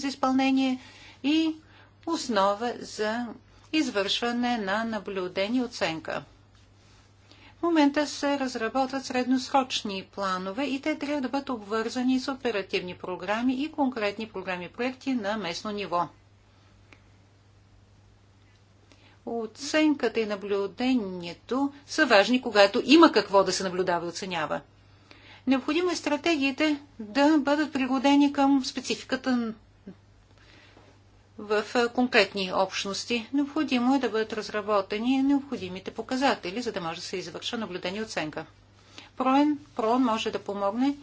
за изпълнение и основа за извършване на наблюдение и оценка. В момента се разработват средносрочни планове и те трябва да бъдат обвързани с оперативни програми и конкретни програми проекти на местно ниво. Оценката и наблюдението са важни, когато има какво да се наблюдава и оценява. Необходимо е стратегиите да бъдат пригодени към спецификата в конкретни общности. Необходимо е да бъдат разработени необходимите показатели, за да може да се извършва наблюдение и оценка. Проен, прон може да помогне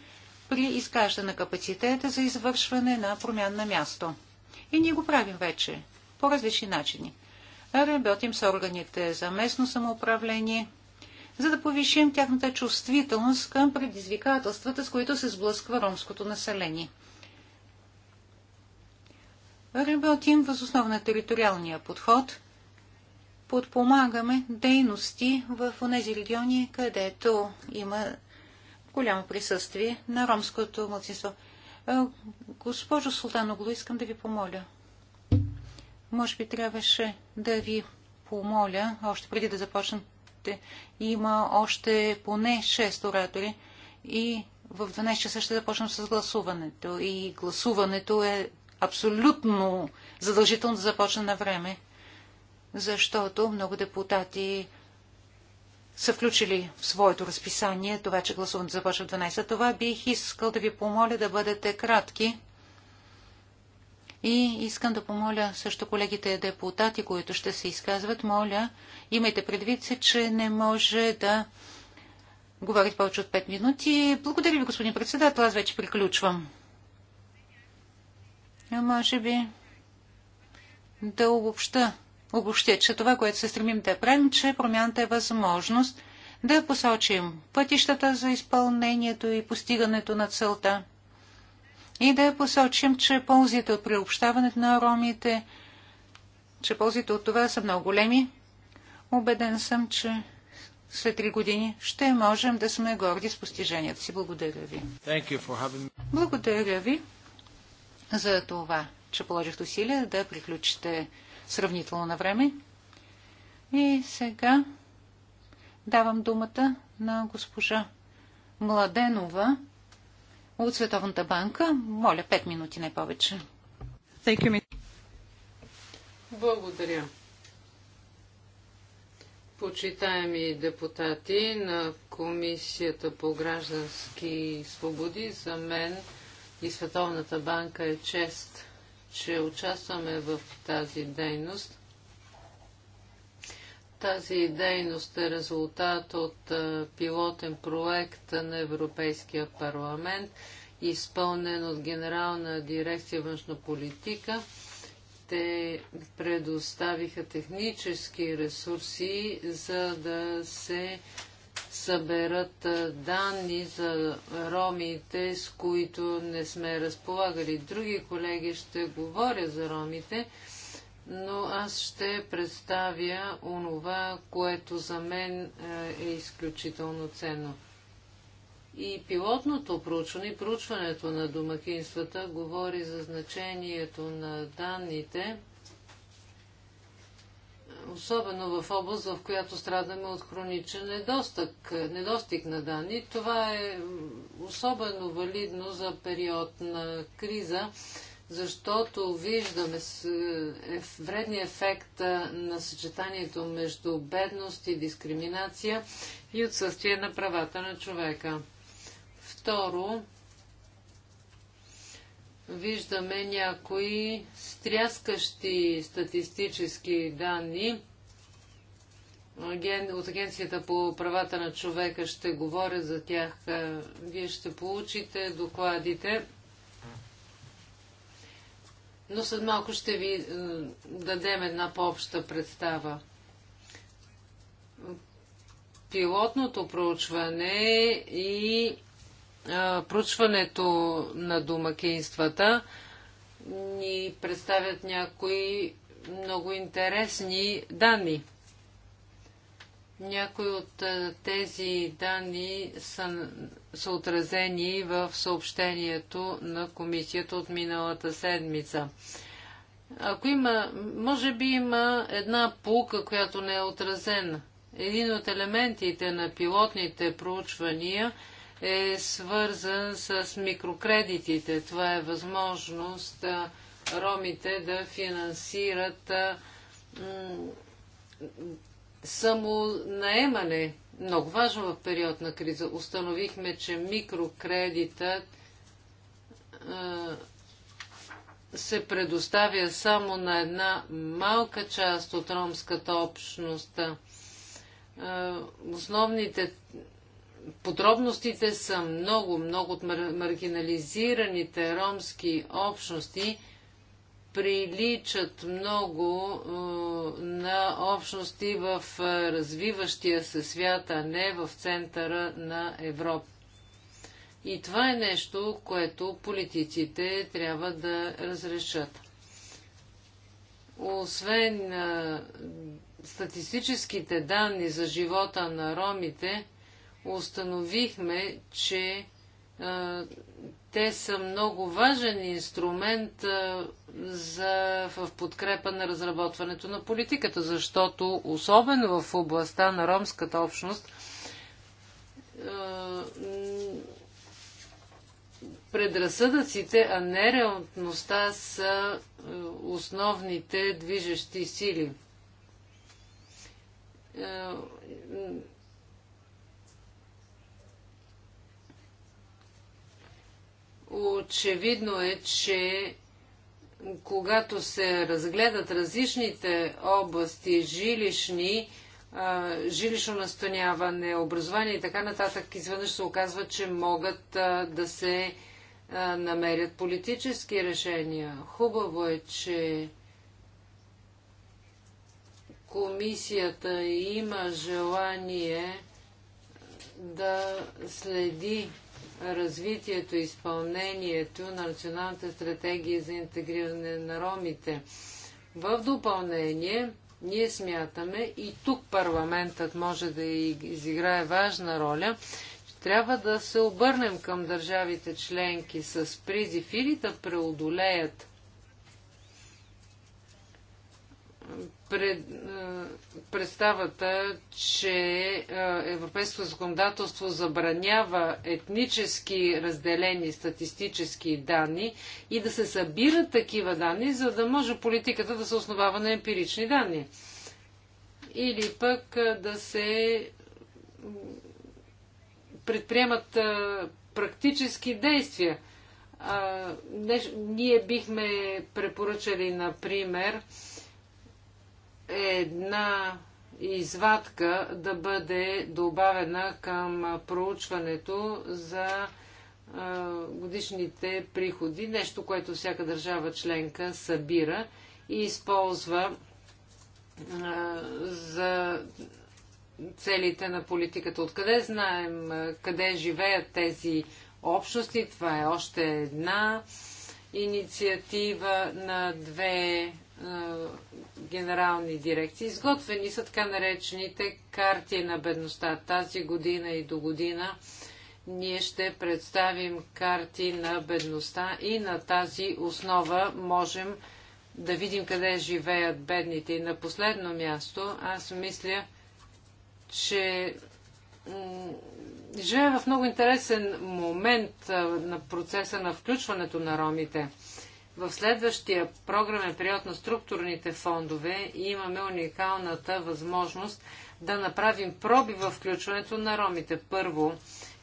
при изграждане на капацитета за извършване на промяна на място. И ние го правим вече по различни начини. Работим с органите за местно самоуправление, за да повишим тяхната чувствителност към предизвикателствата, с които се сблъсква ромското население. Работим въз основа на териториалния подход. Подпомагаме дейности в тези региони, където има голямо присъствие на ромското младсинство. Е, госпожо Султаногло, искам да ви помоля. Може би трябваше да ви помоля, още преди да започнете, има още поне 6 оратори и в 12 часа ще започнем с гласуването. И гласуването е абсолютно задължително да започна на време, защото много депутати са включили в своето разписание това, че гласуването започва в 12. Това бих искал да ви помоля да бъдете кратки. И искам да помоля също колегите депутати, които ще се изказват, моля, имайте предвид се, че не може да говорите повече от 5 минути. Благодаря ви, господин председател. Аз вече приключвам може би да обобща, обобщя, че това, което се стремим да правим, че промяната е възможност да посочим пътищата за изпълнението и постигането на целта и да посочим, че ползите от приобщаването на ромите, че ползите от това са много големи. Обеден съм, че след три години ще можем да сме горди с постиженията си. Благодаря ви. Благодаря ви за това, че положихте усилия да приключите сравнително на време. И сега давам думата на госпожа Младенова от Световната банка. Моля, 5 минути, не повече. Благодаря. Почитаеми депутати на Комисията по граждански свободи, за мен и Световната банка е чест, че участваме в тази дейност. Тази дейност е резултат от пилотен проект на Европейския парламент, изпълнен от Генерална дирекция външна политика. Те предоставиха технически ресурси, за да се съберат данни за ромите, с които не сме разполагали. Други колеги ще говоря за ромите, но аз ще представя онова, което за мен е изключително ценно. И пилотното проучване, проучването на домакинствата говори за значението на данните – особено в област, в която страдаме от хроничен недостък, недостиг на данни. Това е особено валидно за период на криза, защото виждаме е, вредния ефект на съчетанието между бедност и дискриминация и отсъствие на правата на човека. Второ, виждаме някои стряскащи статистически данни. От Агенцията по правата на човека ще говоря за тях. Вие ще получите докладите. Но след малко ще ви дадем една по-обща представа. Пилотното проучване и проучването на домакинствата ни представят някои много интересни данни. Някои от тези данни са, са отразени в съобщението на комисията от миналата седмица. Ако има, може би има една полука, която не е отразена. Един от елементите на пилотните проучвания – е свързан с микрокредитите. Това е възможност ромите да финансират само самонаемане. Много важно в период на криза. Установихме, че микрокредитът се предоставя само на една малка част от ромската общност. Основните подробностите са много, много от маргинализираните ромски общности приличат много е, на общности в развиващия се свят, а не в центъра на Европа. И това е нещо, което политиците трябва да разрешат. Освен е, статистическите данни за живота на ромите, установихме, че а, те са много важен инструмент а, за, в подкрепа на разработването на политиката, защото особено в областта на ромската общност а, предразсъдъците, а нереалността са основните движещи сили Очевидно е, че когато се разгледат различните области, жилищни, жилищно настаняване, образование и така нататък, изведнъж се оказва, че могат да се намерят политически решения. Хубаво е, че комисията има желание да следи развитието и изпълнението на Националната стратегия за интегриране на ромите. В допълнение, ние смятаме и тук парламентът може да изиграе важна роля, че трябва да се обърнем към държавите членки с призив или да преодолеят пред, е, представата, че е, европейското законодателство забранява етнически разделени статистически данни и да се събират такива данни, за да може политиката да се основава на емпирични данни. Или пък е, да се предприемат практически действия. ние бихме препоръчали, например, една извадка да бъде добавена към проучването за годишните приходи, нещо, което всяка държава членка събира и използва за целите на политиката. Откъде знаем къде живеят тези общности? Това е още една инициатива на две генерални дирекции. Изготвени са така наречените карти на бедността. Тази година и до година ние ще представим карти на бедността и на тази основа можем да видим къде живеят бедните. И на последно място, аз мисля, че живеем в много интересен момент на процеса на включването на ромите – в следващия програмен период на структурните фондове имаме уникалната възможност да направим проби в включването на ромите. Първо,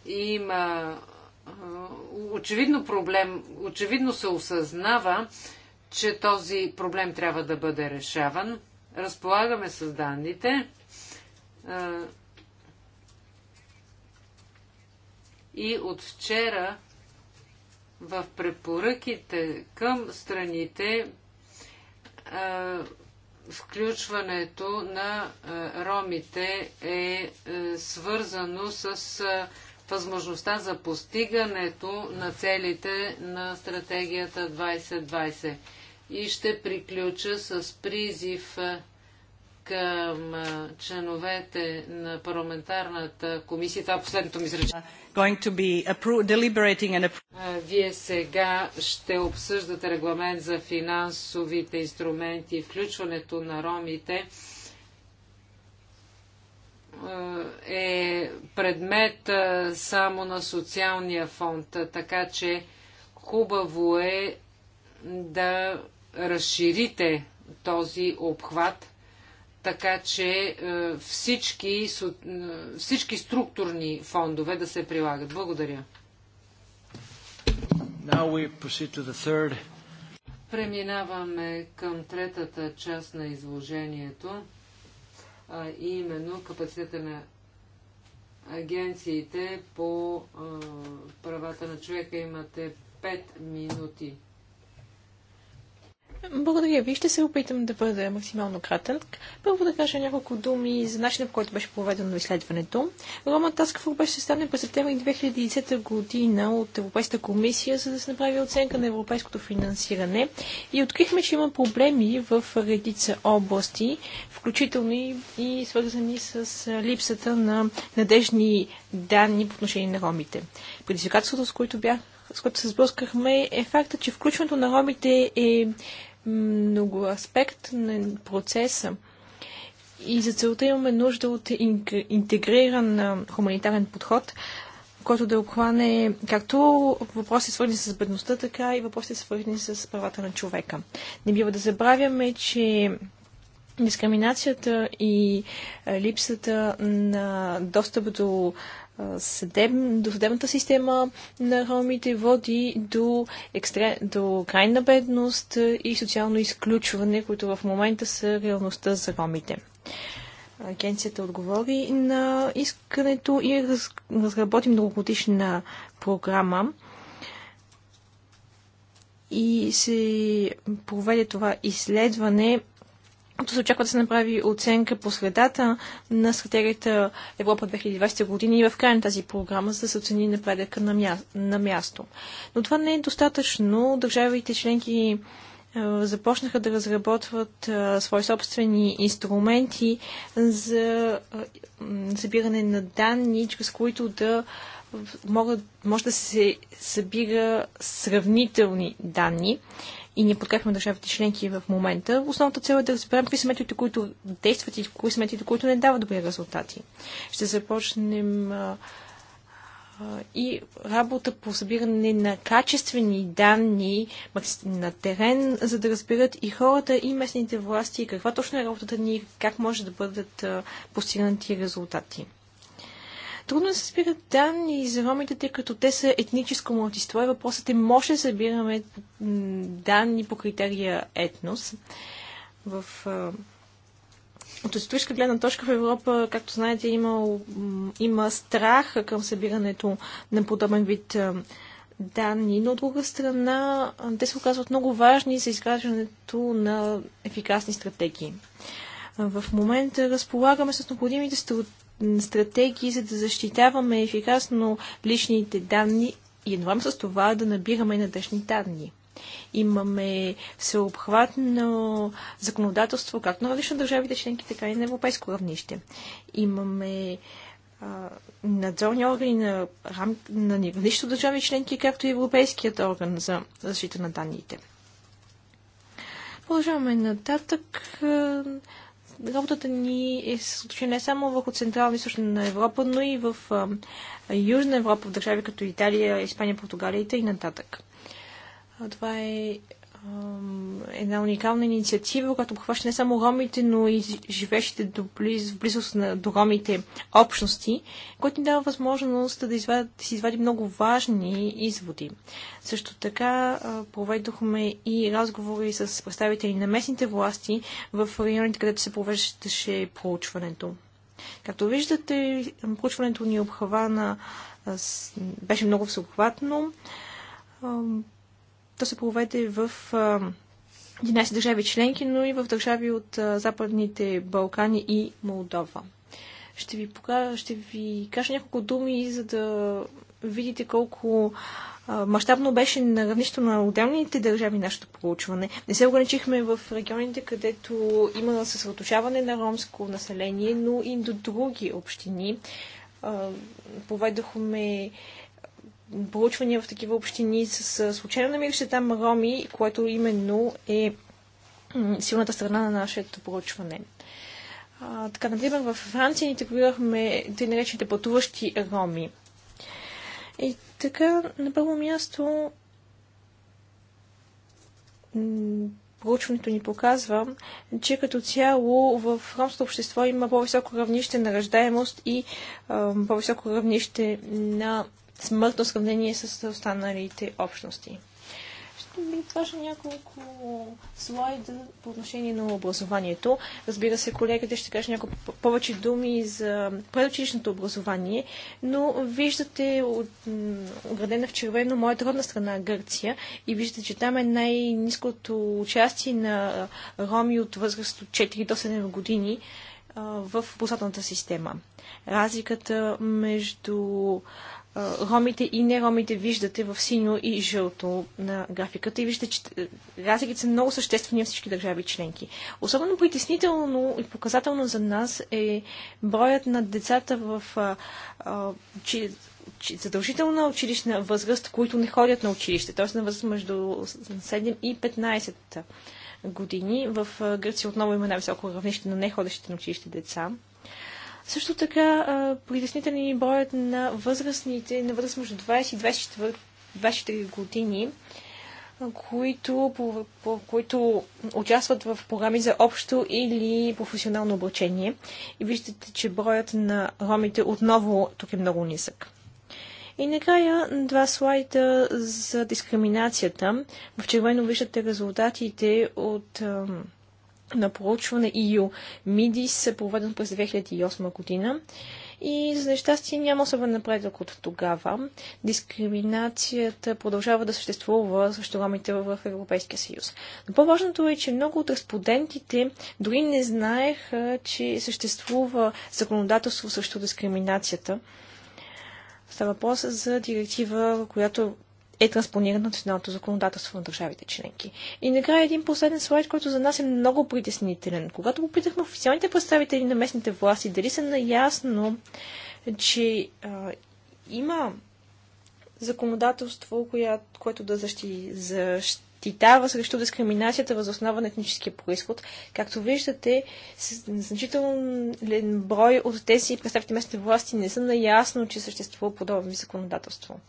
има очевидно проблем, очевидно се осъзнава, че този проблем трябва да бъде решаван. Разполагаме с данните. И от вчера в препоръките към страните е, включването на е, ромите е, е свързано с възможността за постигането на целите на стратегията 2020. И ще приключа с призив към членовете на парламентарната комисия. Това е последното ми изречение. Вие сега ще обсъждате регламент за финансовите инструменти и включването на ромите е предмет само на социалния фонд, така че хубаво е да разширите този обхват така че е, всички, е, всички структурни фондове да се прилагат. Благодаря. Преминаваме към третата част на изложението, а именно капацитета на агенциите по правата на човека. Имате 5 минути. Благодаря ви. Ще се опитам да бъда максимално кратен. Първо да кажа няколко думи за начина, по който беше проведено изследването. Рома Таскафор беше съставен през септември 2010 година от Европейската комисия, за да се направи оценка на европейското финансиране. И открихме, че има проблеми в редица области, включително и, свързани с липсата на надежни данни по отношение на ромите. Предизвикателството, с което, бях с което се сблъскахме, е факта, че включването на ромите е многоаспектен процес. И за целта имаме нужда от интегриран хуманитарен подход, който да обхване както въпроси свързани с бедността, така и въпроси свързани с правата на човека. Не бива да забравяме, че дискриминацията и липсата на достъп до съдеб, до съдебната система на ромите води до, екстре, до крайна бедност и социално изключване, които в момента са реалността за ромите. Агенцията отговори на искането и раз, разработи многогодишна програма и се проведе това изследване като се очаква да се направи оценка по средата на стратегията Европа 2020 години и в края на тази програма, за да се оцени напредъка на, мя... на място. Но това не е достатъчно. Държавите членки е, започнаха да разработват а, е, свои собствени инструменти за е, събиране на данни, чрез които да могат, може да се събира сравнителни данни и ние подкрепяме държавите членки в момента. Основната цел е да разберем какви са методите, които действат и кои са методите, които не дават добри резултати. Ще започнем а, и работа по събиране на качествени данни на терен, за да разберат и хората, и местните власти, каква точно е работата ни, как може да бъдат постигнати резултати. Трудно се събират данни за ромите, тъй като те са етническо младсинство и въпросът е може да събираме данни по критерия етнос. В от историческа гледна точка в Европа, както знаете, е има, има страх към събирането на подобен вид данни, но от друга страна те се оказват много важни за изграждането на ефикасни стратегии. В момента разполагаме с необходимите стратегии, за да защитаваме ефикасно личните данни и едва с това да набираме надежни данни. Имаме всеобхватно законодателство, както на различни държавите членки, така и на европейско равнище. Имаме надзорни органи на, рам... на нищо държави членки, както и Европейският орган за защита на данните. Продължаваме нататък работата ни е съсредоточена не само върху Централна и Източна Европа, но и в Южна Европа, в държави като Италия, Испания, Португалия и т.н. Това е една уникална инициатива, която обхваща не само ромите, но и живеещите до близ, в близост на, до ромите общности, което ни дава възможност да, извад, да си извади много важни изводи. Също така проведохме и разговори с представители на местните власти в районите, където се провеждаше проучването. Както виждате, проучването ни е обхвана беше много всеобхватно то се проведе в 11 държави членки, но и в държави от Западните Балкани и Молдова. Ще ви, покажа, ще ви кажа няколко думи, за да видите колко мащабно беше на равнището на отделните държави нашето проучване. Не се ограничихме в регионите, където има съсредоточаване на ромско население, но и до други общини. Поведохме проучвания в такива общини с случайно намиращи там роми, което именно е силната страна на нашето проучване. А, така, например, във Франция интегрирахме тъй наречените пътуващи роми. И така, на първо място, проучването ни показва, че като цяло в ромското общество има по-високо равнище на ръждаемост и по-високо равнище на смъртно сравнение с останалите общности. Ще ви кажа няколко слайда по отношение на образованието. Разбира се, колегите ще кажа няколко повече думи за предучилищното образование, но виждате от, оградена в червено моята родна страна Гърция и виждате, че там е най-низкото участие на роми от възраст от 4 до 7 години в образователната система. Разликата между ромите и неромите виждате в синьо и жълто на графиката и виждате, че е, разликите са много съществени в всички държави членки. Особено притеснително и показателно за нас е броят на децата в а, а, чи, задължителна училищна възраст, които не ходят на училище, т.е. на възраст между 7 и 15 години. В Гърция отново има най-високо равнище на неходещите на училище деца. Също така притеснителен е броят на възрастните, на възраст между 20 и 24, 24 години, които, по, по, които участват в програми за общо или професионално обучение. И виждате, че броят на ромите отново тук е много нисък. И накрая два слайда за дискриминацията. В червено виждате резултатите от ам, на проучване EU MIDIS, е проведено през 2008 година. И за нещастие няма особен напредък от тогава. Дискриминацията продължава да съществува срещу ромите в Европейския съюз. Но по-важното е, че много от респондентите дори не знаеха, че съществува законодателство срещу дискриминацията. Става въпрос за директива, която е транспонирано националното законодателство на държавите членки. И накрая един последен слайд, който за нас е много притеснителен. Когато попитахме официалните представители на местните власти дали са наясно, че а, има законодателство, коя, което да защити, защ, Титава срещу дискриминацията въз основа на етническия происход. Както виждате, значителен брой от тези представители местни власти не са наясно, че съществува подобно законодателство.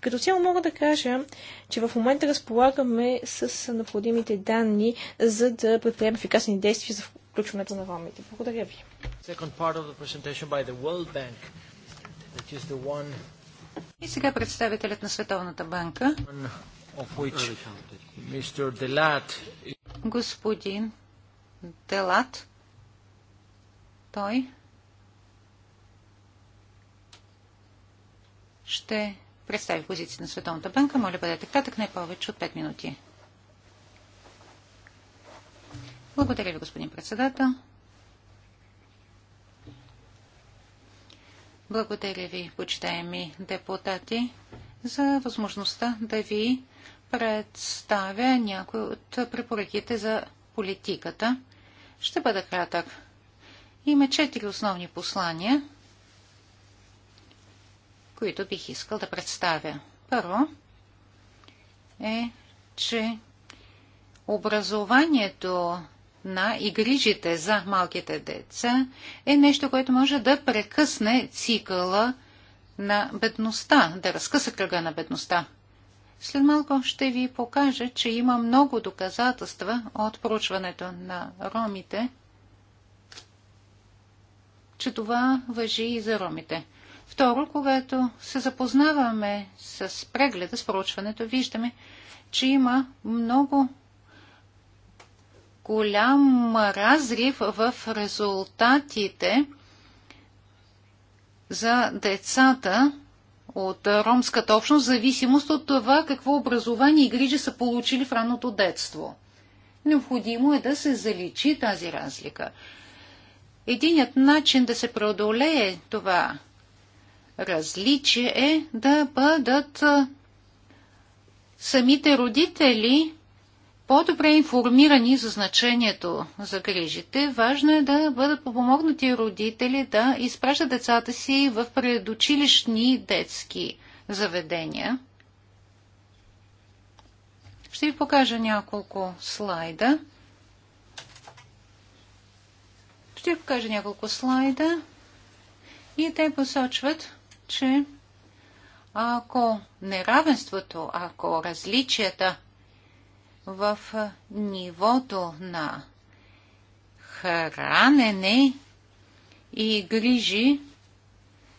Като цяло мога да кажа, че в момента разполагаме с необходимите данни, за да предприемем ефикасни действия за включването на ромите. Благодаря ви. И сега представителят на Световната банка. Господин Делат, той ще представи позиции на Световната банка. Моля бъдете кратък, не повече от 5 минути. Благодаря ви, господин председател. Благодаря ви, почитаеми депутати, за възможността да ви представя някои от препоръките за политиката. Ще бъда кратък. Има четири основни послания, които бих искал да представя. Първо е, че образованието на и грижите за малките деца е нещо, което може да прекъсне цикъла на бедността, да разкъса кръга на бедността. След малко ще ви покажа, че има много доказателства от проучването на ромите, че това въжи и за ромите. Второ, когато се запознаваме с прегледа, с проучването, виждаме, че има много голям разрив в резултатите за децата от ромската общност, в зависимост от това какво образование и грижи са получили в ранното детство. Необходимо е да се заличи тази разлика. Единият начин да се преодолее това различие е да бъдат самите родители по-добре информирани за значението за грижите. Важно е да бъдат помогнати родители да изпращат децата си в предучилищни детски заведения. Ще ви покажа няколко слайда. Ще ви покажа няколко слайда и те посочват, че ако неравенството, ако различията в нивото на хранене и грижи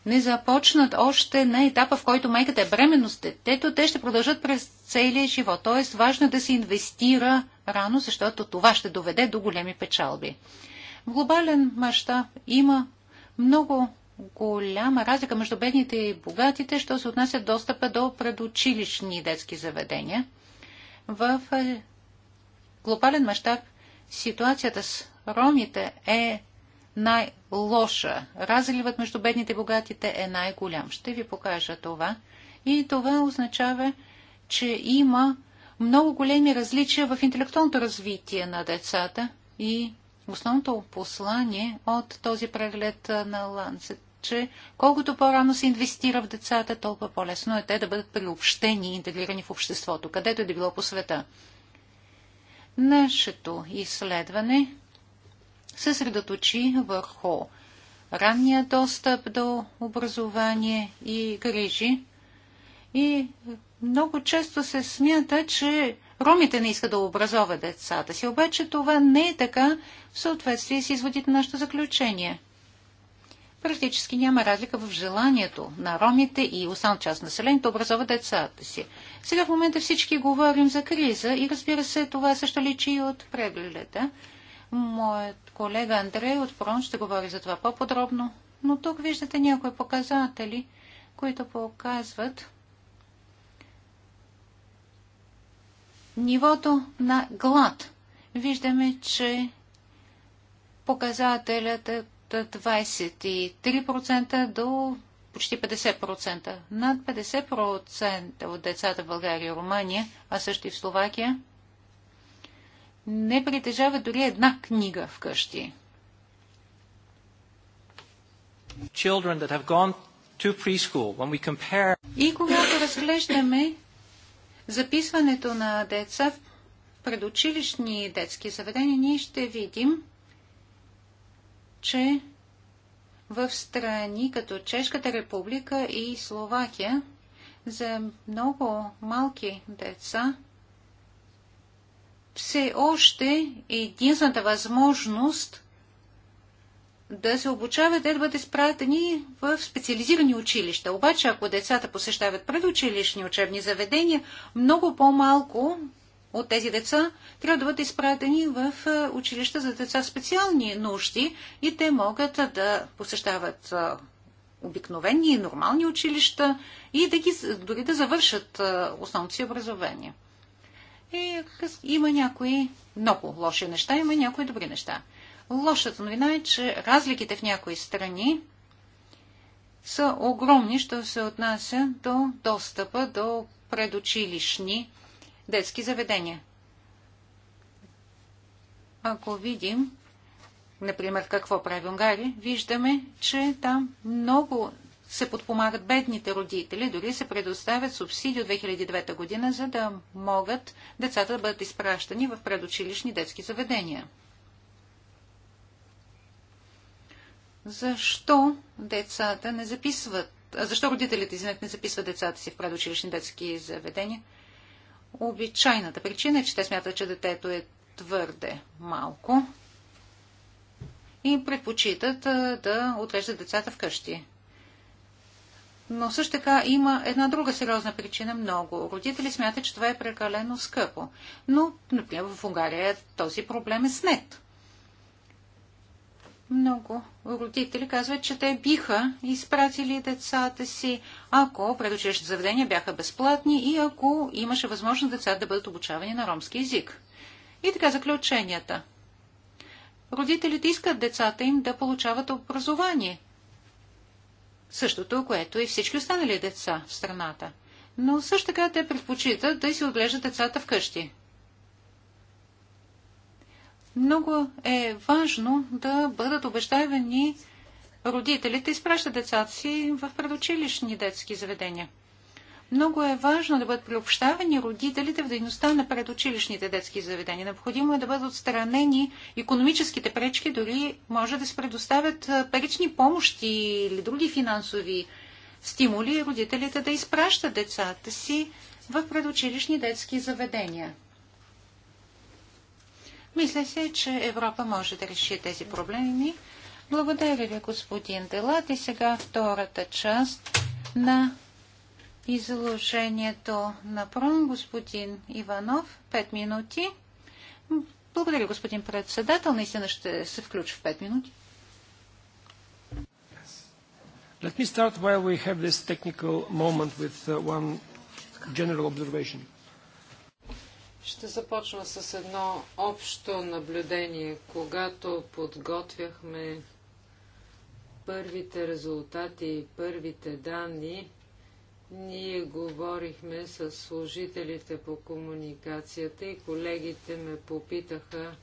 не започнат още на етапа, в който майката е бременна с детето, те ще продължат през целия живот. Тоест, важно е да се инвестира рано, защото това ще доведе до големи печалби. В глобален мащаб има много голяма разлика между бедните и богатите, що се отнася достъпа до предучилищни детски заведения – в е, глобален мащаб ситуацията с ромите е най-лоша. Разливът между бедните и богатите е най-голям. Ще ви покажа това. И това означава, че има много големи различия в интелектуалното развитие на децата и основното послание от този преглед на Ланцет че колкото по-рано се инвестира в децата, толкова по-лесно е те да бъдат приобщени и интегрирани в обществото, където е да било по света. Нашето изследване се средоточи върху ранния достъп до образование и грижи. И много често се смята, че ромите не искат да образоват децата си, обаче това не е така в съответствие с изводите на нашето заключение – практически няма разлика в желанието на ромите и остан част населението да децата си. Сега в момента всички говорим за криза и разбира се, това също личи и от прегледа. Моят колега Андрей от Прон ще говори за това по-подробно, но тук виждате някои показатели, които показват нивото на глад. Виждаме, че показателят е 23% до почти 50%. Над 50% от децата в България и Румъния, а също и в Словакия, не притежават дори една книга вкъщи. Compare... И когато разглеждаме записването на деца в предучилищни детски заведения, ние ще видим, че в страни като Чешката република и Словакия за много малки деца все още е единствената възможност да се обучават е да бъдат изпратени в специализирани училища. Обаче, ако децата посещават предучилищни учебни заведения, много по-малко от тези деца трябва да бъдат изпратени в е, училища за деца специални нужди и те могат да посещават е, обикновени и нормални училища и да ги, дори да завършат е, основното си образование. И има някои много лоши неща, има някои добри неща. Лошата новина е, че разликите в някои страни са огромни, що се отнася до достъпа до предучилищни детски заведения. Ако видим, например, какво прави Унгария, виждаме, че там много се подпомагат бедните родители, дори се предоставят субсидии от 2009 година, за да могат децата да бъдат изпращани в предучилищни детски заведения. Защо децата не записват, защо родителите извинят, не записват децата си в предучилищни детски заведения? Обичайната причина е, че те смятат, че детето е твърде малко и предпочитат да отреждат децата вкъщи. Но също така има една друга сериозна причина много. Родители смятат, че това е прекалено скъпо. Но, например, в Унгария този проблем е снет. Много родители казват, че те биха изпратили децата си, ако предучилищните заведения бяха безплатни и ако имаше възможност децата да бъдат обучавани на ромски язик. И така заключенията. Родителите искат децата им да получават образование. Същото, което и всички останали деца в страната. Но също така те предпочитат да си отглеждат децата вкъщи. Много е важно да бъдат обещавани родителите изпращат децата си в предучилищни детски заведения. Много е важно да бъдат приобщавани родителите в дейността на предучилищните детски заведения. Необходимо е да бъдат отстранени економическите пречки, дори може да се предоставят парични помощи или други финансови стимули родителите да изпращат децата си в предучилищни детски заведения. Мисля се, че Европа може да реши тези проблеми. Благодаря ви, господин Делат. И сега втората част на изложението на пром господин Иванов. Пет минути. Благодаря, господин председател. Наистина ще се включа в пет минути. Let me start while we have this technical moment with uh, one general observation. Ще започна с едно общо наблюдение. Когато подготвяхме първите резултати и първите данни, ние говорихме с служителите по комуникацията и колегите ме попитаха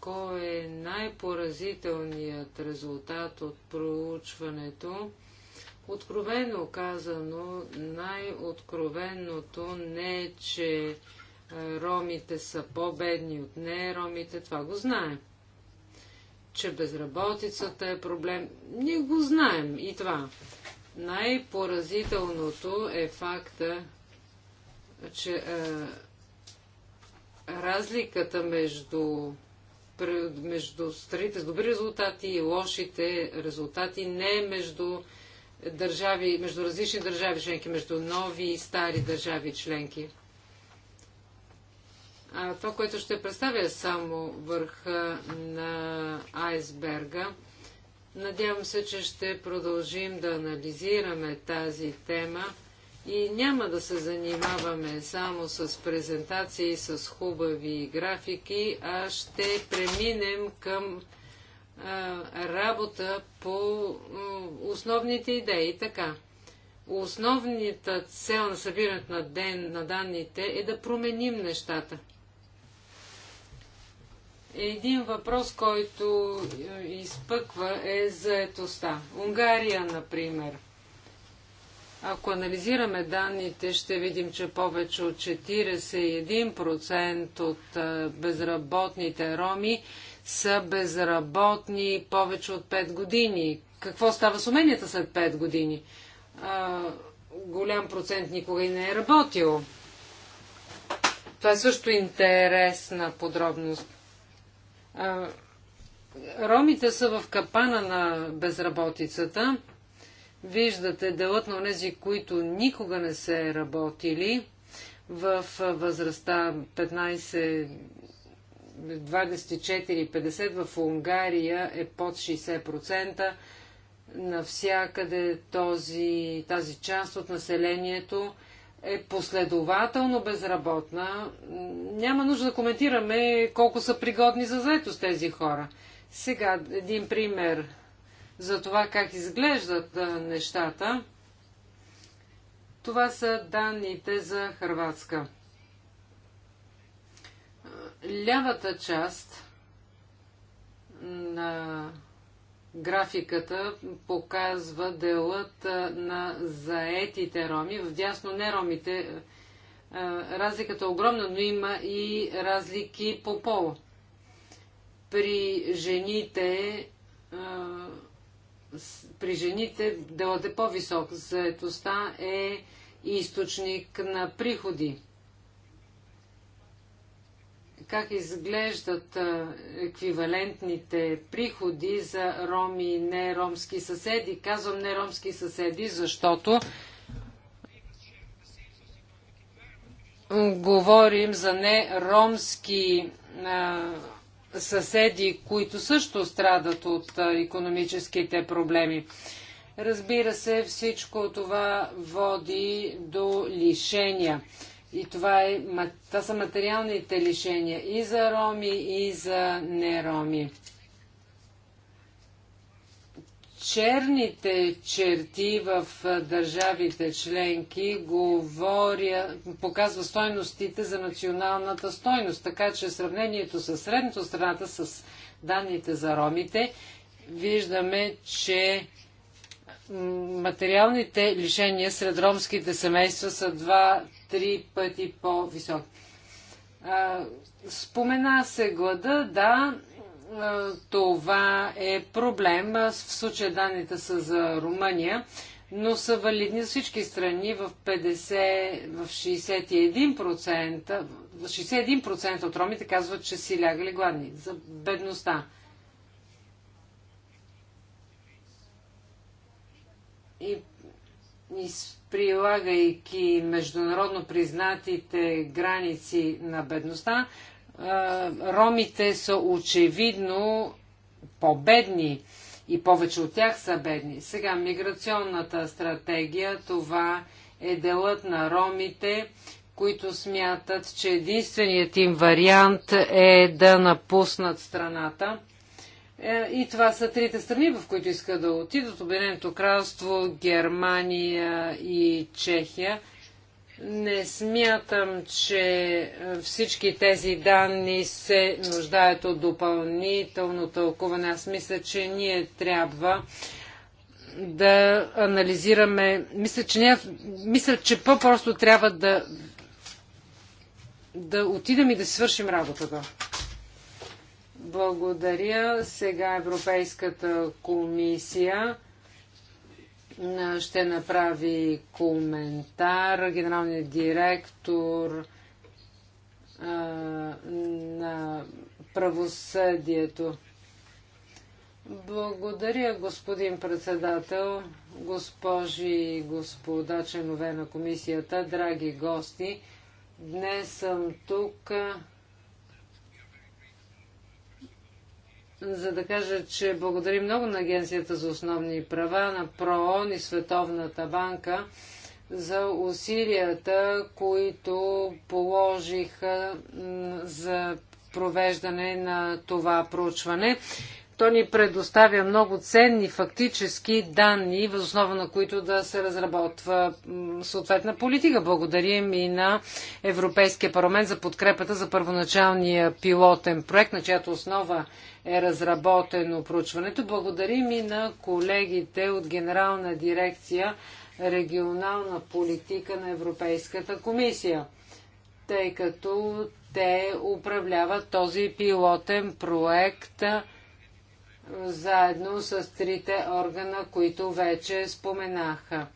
кой е най-поразителният резултат от проучването. Откровено казано, най-откровеното не е, че ромите са по-бедни от не ромите, това го знаем. Че безработицата е проблем, ние го знаем и това. Най-поразителното е факта, че е, разликата между, между страните с добри резултати и лошите резултати не е между държави, между различни държави членки, между нови и стари държави членки. А, това, което ще представя е само върха на айсберга. Надявам се, че ще продължим да анализираме тази тема и няма да се занимаваме само с презентации, с хубави графики, а ще преминем към а, работа по основните идеи. Така, основната цел на събирането на, ден, на данните е да променим нещата – един въпрос, който е, изпъква е заетостта. Унгария, например. Ако анализираме данните, ще видим, че повече от 41% от е, безработните роми са безработни повече от 5 години. Какво става с уменията след 5 години? А, е, голям процент никога и не е работил. Това е също интересна подробност. Ромите са в капана на безработицата. Виждате делът на тези, които никога не са е работили в възрастта 15 24-50 в Унгария е под 60%. Навсякъде този, тази част от населението е последователно безработна, няма нужда да коментираме колко са пригодни за заетост тези хора. Сега един пример за това как изглеждат нещата. Това са данните за Хрватска. Лявата част на Графиката показва делът на заетите роми. В дясно не ромите. Разликата е огромна, но има и разлики по пол. При жените при жените делът е по-висок. Заетостта е източник на приходи как изглеждат еквивалентните приходи за роми и неромски съседи. Казвам неромски съседи, защото говорим за неромски съседи, които също страдат от економическите проблеми. Разбира се, всичко това води до лишения. И това, е, това са материалните лишения и за роми, и за нероми. Черните черти в държавите членки говоря, показва стойностите за националната стойност, така че сравнението с средното страната с данните за ромите, виждаме, че материалните лишения сред ромските семейства са два три пъти по-висок. Спомена се глада, да, това е проблем. В случая данните са за Румъния, но са валидни за всички страни в 50, в 61%, 61% от ромите казват, че си лягали гладни за бедността. И прилагайки международно признатите граници на бедността, ромите са очевидно по-бедни и повече от тях са бедни. Сега, миграционната стратегия, това е делът на ромите, които смятат, че единственият им вариант е да напуснат страната. Е, и това са трите страни, в които иска да отидат Обединеното кралство, Германия и Чехия. Не смятам, че е, всички тези данни се нуждаят от допълнително тълкуване. Аз мисля, че ние трябва да анализираме. Мисля, че, ние, мисля, че по-просто трябва да, да отидем и да свършим работата. Благодаря. Сега Европейската комисия ще направи коментар. Генералният директор на правосъдието. Благодаря, господин председател, госпожи и господа, членове на комисията, драги гости. Днес съм тук за да кажа, че благодарим много на Агенцията за основни права, на ПРООН и Световната банка за усилията, които положиха за провеждане на това проучване. То ни предоставя много ценни фактически данни, възоснова на които да се разработва съответна политика. Благодарим и на Европейския парламент за подкрепата за първоначалния пилотен проект, на чиято основа е разработено проучването. Благодарим и на колегите от Генерална дирекция регионална политика на Европейската комисия, тъй като те управляват този пилотен проект – заедно с трите органа, които вече споменаха.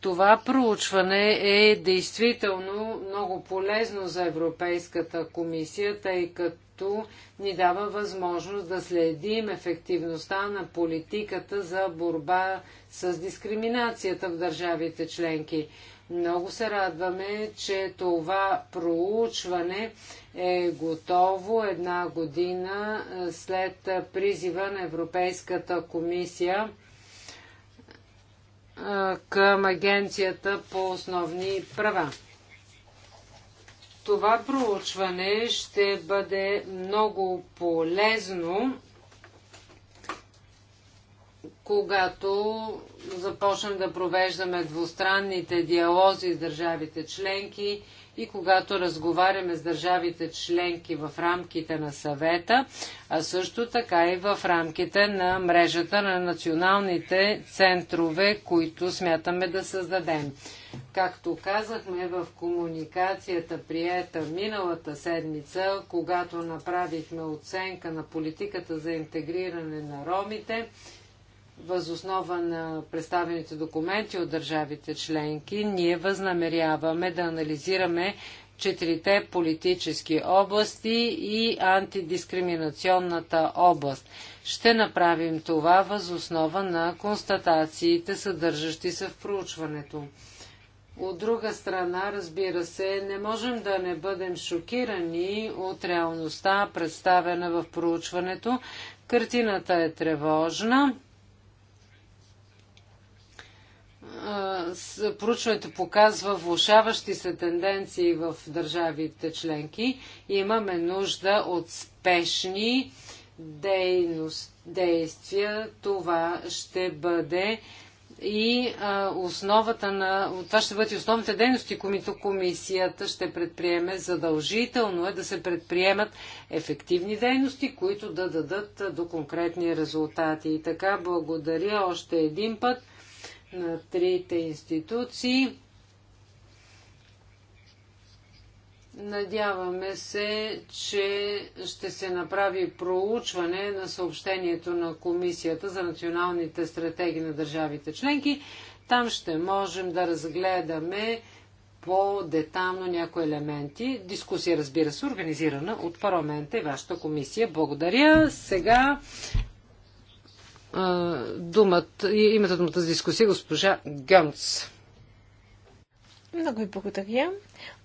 Това проучване е действително много полезно за Европейската комисия, тъй като ни дава възможност да следим ефективността на политиката за борба с дискриминацията в държавите членки. Много се радваме, че това проучване е готово една година е, след призива на Европейската комисия е, към Агенцията по основни права. Това проучване ще бъде много полезно когато започнем да провеждаме двустранните диалози с държавите членки и когато разговаряме с държавите членки в рамките на съвета, а също така и в рамките на мрежата на националните центрове, които смятаме да създадем. Както казахме в комуникацията, приета миналата седмица, когато направихме оценка на политиката за интегриране на ромите, Възоснова на представените документи от държавите членки, ние възнамеряваме да анализираме четирите политически области и антидискриминационната област. Ще направим това възоснова на констатациите, съдържащи се в проучването. От друга страна, разбира се, не можем да не бъдем шокирани от реалността, представена в проучването. Картината е тревожна проучването показва влушаващи се тенденции в държавите членки. Имаме нужда от спешни дейност, действия. Това ще бъде и а, основата на... Това ще бъдат и основните дейности, които комисията ще предприеме. Задължително е да се предприемат ефективни дейности, които да дадат до конкретни резултати. И така, благодаря още един път на трите институции. Надяваме се, че ще се направи проучване на съобщението на Комисията за националните стратегии на държавите членки. Там ще можем да разгледаме по-детално някои елементи. Дискусия, разбира се, организирана от парламента и вашата комисия. Благодаря. Сега думата, имате думата за дискусия госпожа Гънц. Много ви благодаря.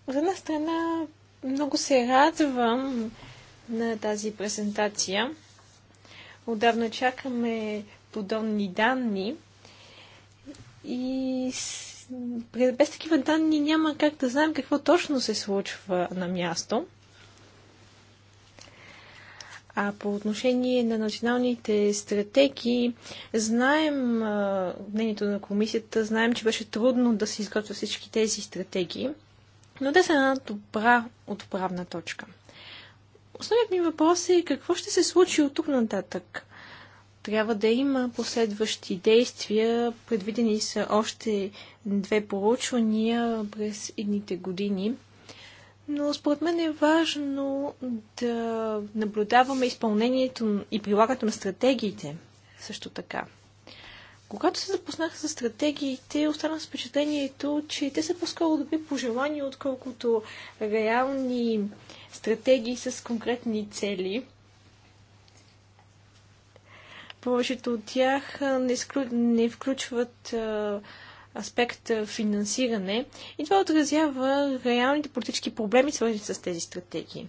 От една страна много се радвам на тази презентация. Отдавна чакаме подобни данни и без такива данни няма как да знаем какво точно се случва на място. А по отношение на националните стратегии, знаем мнението на комисията, знаем, че беше трудно да се изготвят всички тези стратегии, но те са една добра отправна точка. Основният ми въпрос е какво ще се случи от тук нататък. Трябва да има последващи действия. Предвидени са още две поручвания през едните години – но според мен е важно да наблюдаваме изпълнението и прилагането на стратегиите също така. Когато се запознах с стратегиите, останах с впечатлението, че те са по-скоро добри пожелания, отколкото реални стратегии с конкретни цели. Повечето от тях не, склю... не включват а, аспект финансиране и това отразява реалните политически проблеми, свързани с тези стратегии.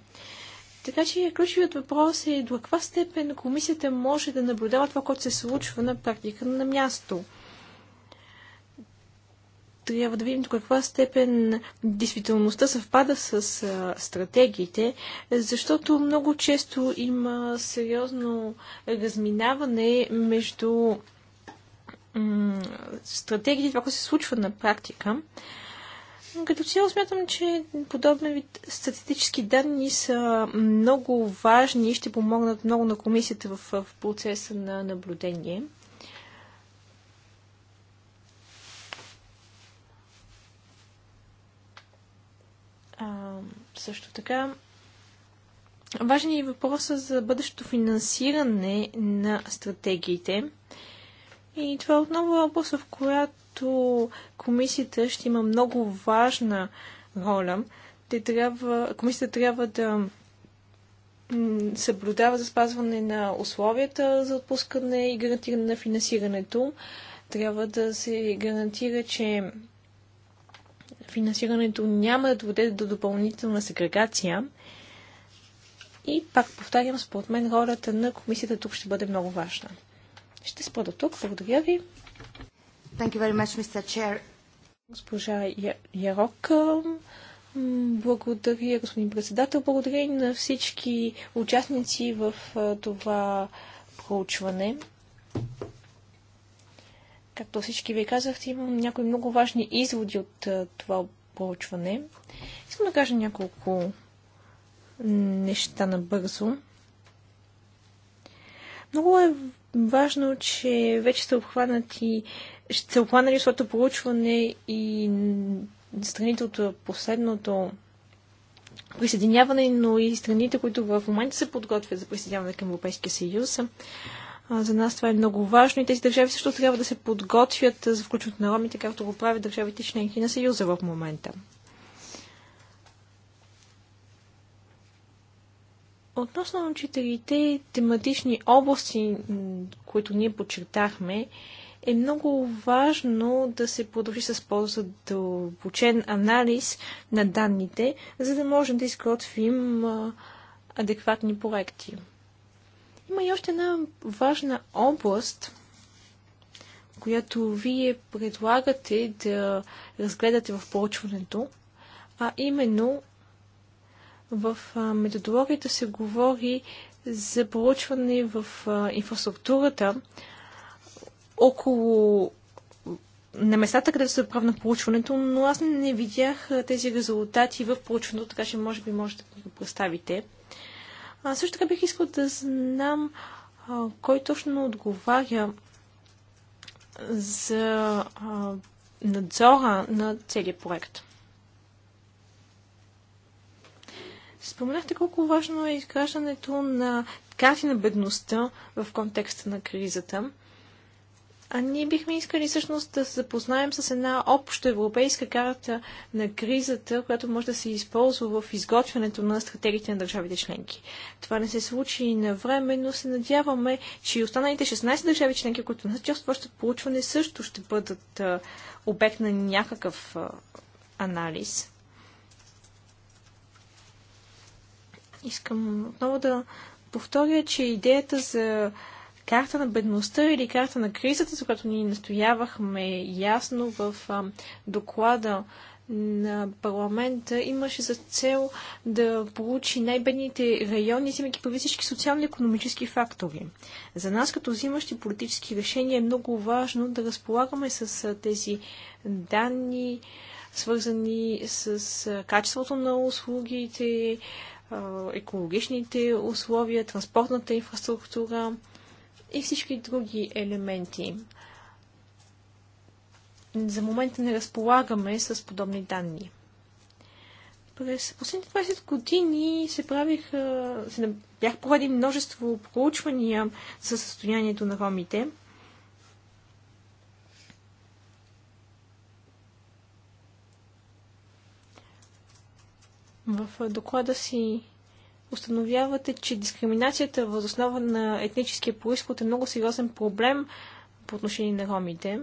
Така че ключовият въпрос е до каква степен комисията може да наблюдава това, което се случва на практика на място. Трябва да видим до каква степен действителността съвпада с а, стратегиите, защото много често има сериозно разминаване между стратегии, това, което се случва на практика. Като цяло смятам, че подобни вид статистически данни са много важни и ще помогнат много на комисията в, в процеса на наблюдение. А, също така, важен е въпроса за бъдещото финансиране на стратегиите. А, и това е отново е област, в която комисията ще има много важна роля. Те трябва, комисията трябва да съблюдава за спазване на условията за отпускане и гарантиране на финансирането. Трябва да се гарантира, че финансирането няма да доведе до допълнителна сегрегация. И пак повтарям, според мен ролята на комисията тук ще бъде много важна. Ще спра до тук. Благодаря ви. Thank you very much, Mr. Chair. Госпожа Ярок, благодаря, господин председател. Благодаря и на всички участници в това проучване. Както всички ви казахте, имам някои много важни изводи от това проучване. Искам да кажа няколко неща набързо. Много е Важно, че вече са обхванати, ще са обхванали своето проучване и страните от последното присъединяване, но и страните, които в момента се подготвят за присъединяване към Европейския съюз. За нас това е много важно и тези държави също трябва да се подготвят за включването на ромите, както го правят държавите членки на Съюза в момента. Относно на четирите тематични области, които ние подчертахме, е много важно да се продължи с по-задълбочен анализ на данните, за да можем да изготвим адекватни проекти. Има и още една важна област, която вие предлагате да разгледате в поручването, а именно в методологията се говори за проучване в инфраструктурата около на местата, където се на проучването, но аз не видях тези резултати в проучването, така че може би можете да го представите. А, също така бих искал да знам кой точно отговаря за надзора на целият проект. Споменахте колко важно е изграждането на карти на бедността в контекста на кризата. А ние бихме искали всъщност да се запознаем с една обща европейска карта на кризата, която може да се използва в изготвянето на стратегиите на държавите членки. Това не се случи на време, но се надяваме, че и останалите 16 държави членки, които на част в вашето проучване, също ще бъдат обект на някакъв анализ. Искам отново да повторя, че идеята за карта на бедността или карта на кризата, за която ние настоявахме ясно в доклада на парламента, имаше за цел да получи най-бедните райони, взимайки по всички социално-економически фактори. За нас, като взимащи политически решения, е много важно да разполагаме с тези данни, свързани с качеството на услугите, екологичните условия, транспортната инфраструктура и всички други елементи. За момента не разполагаме с подобни данни. През последните 20 години се правих, се бях провели множество проучвания за състоянието на ромите. В доклада си установявате, че дискриминацията въз основа на етническия происход е много сериозен проблем по отношение на ромите.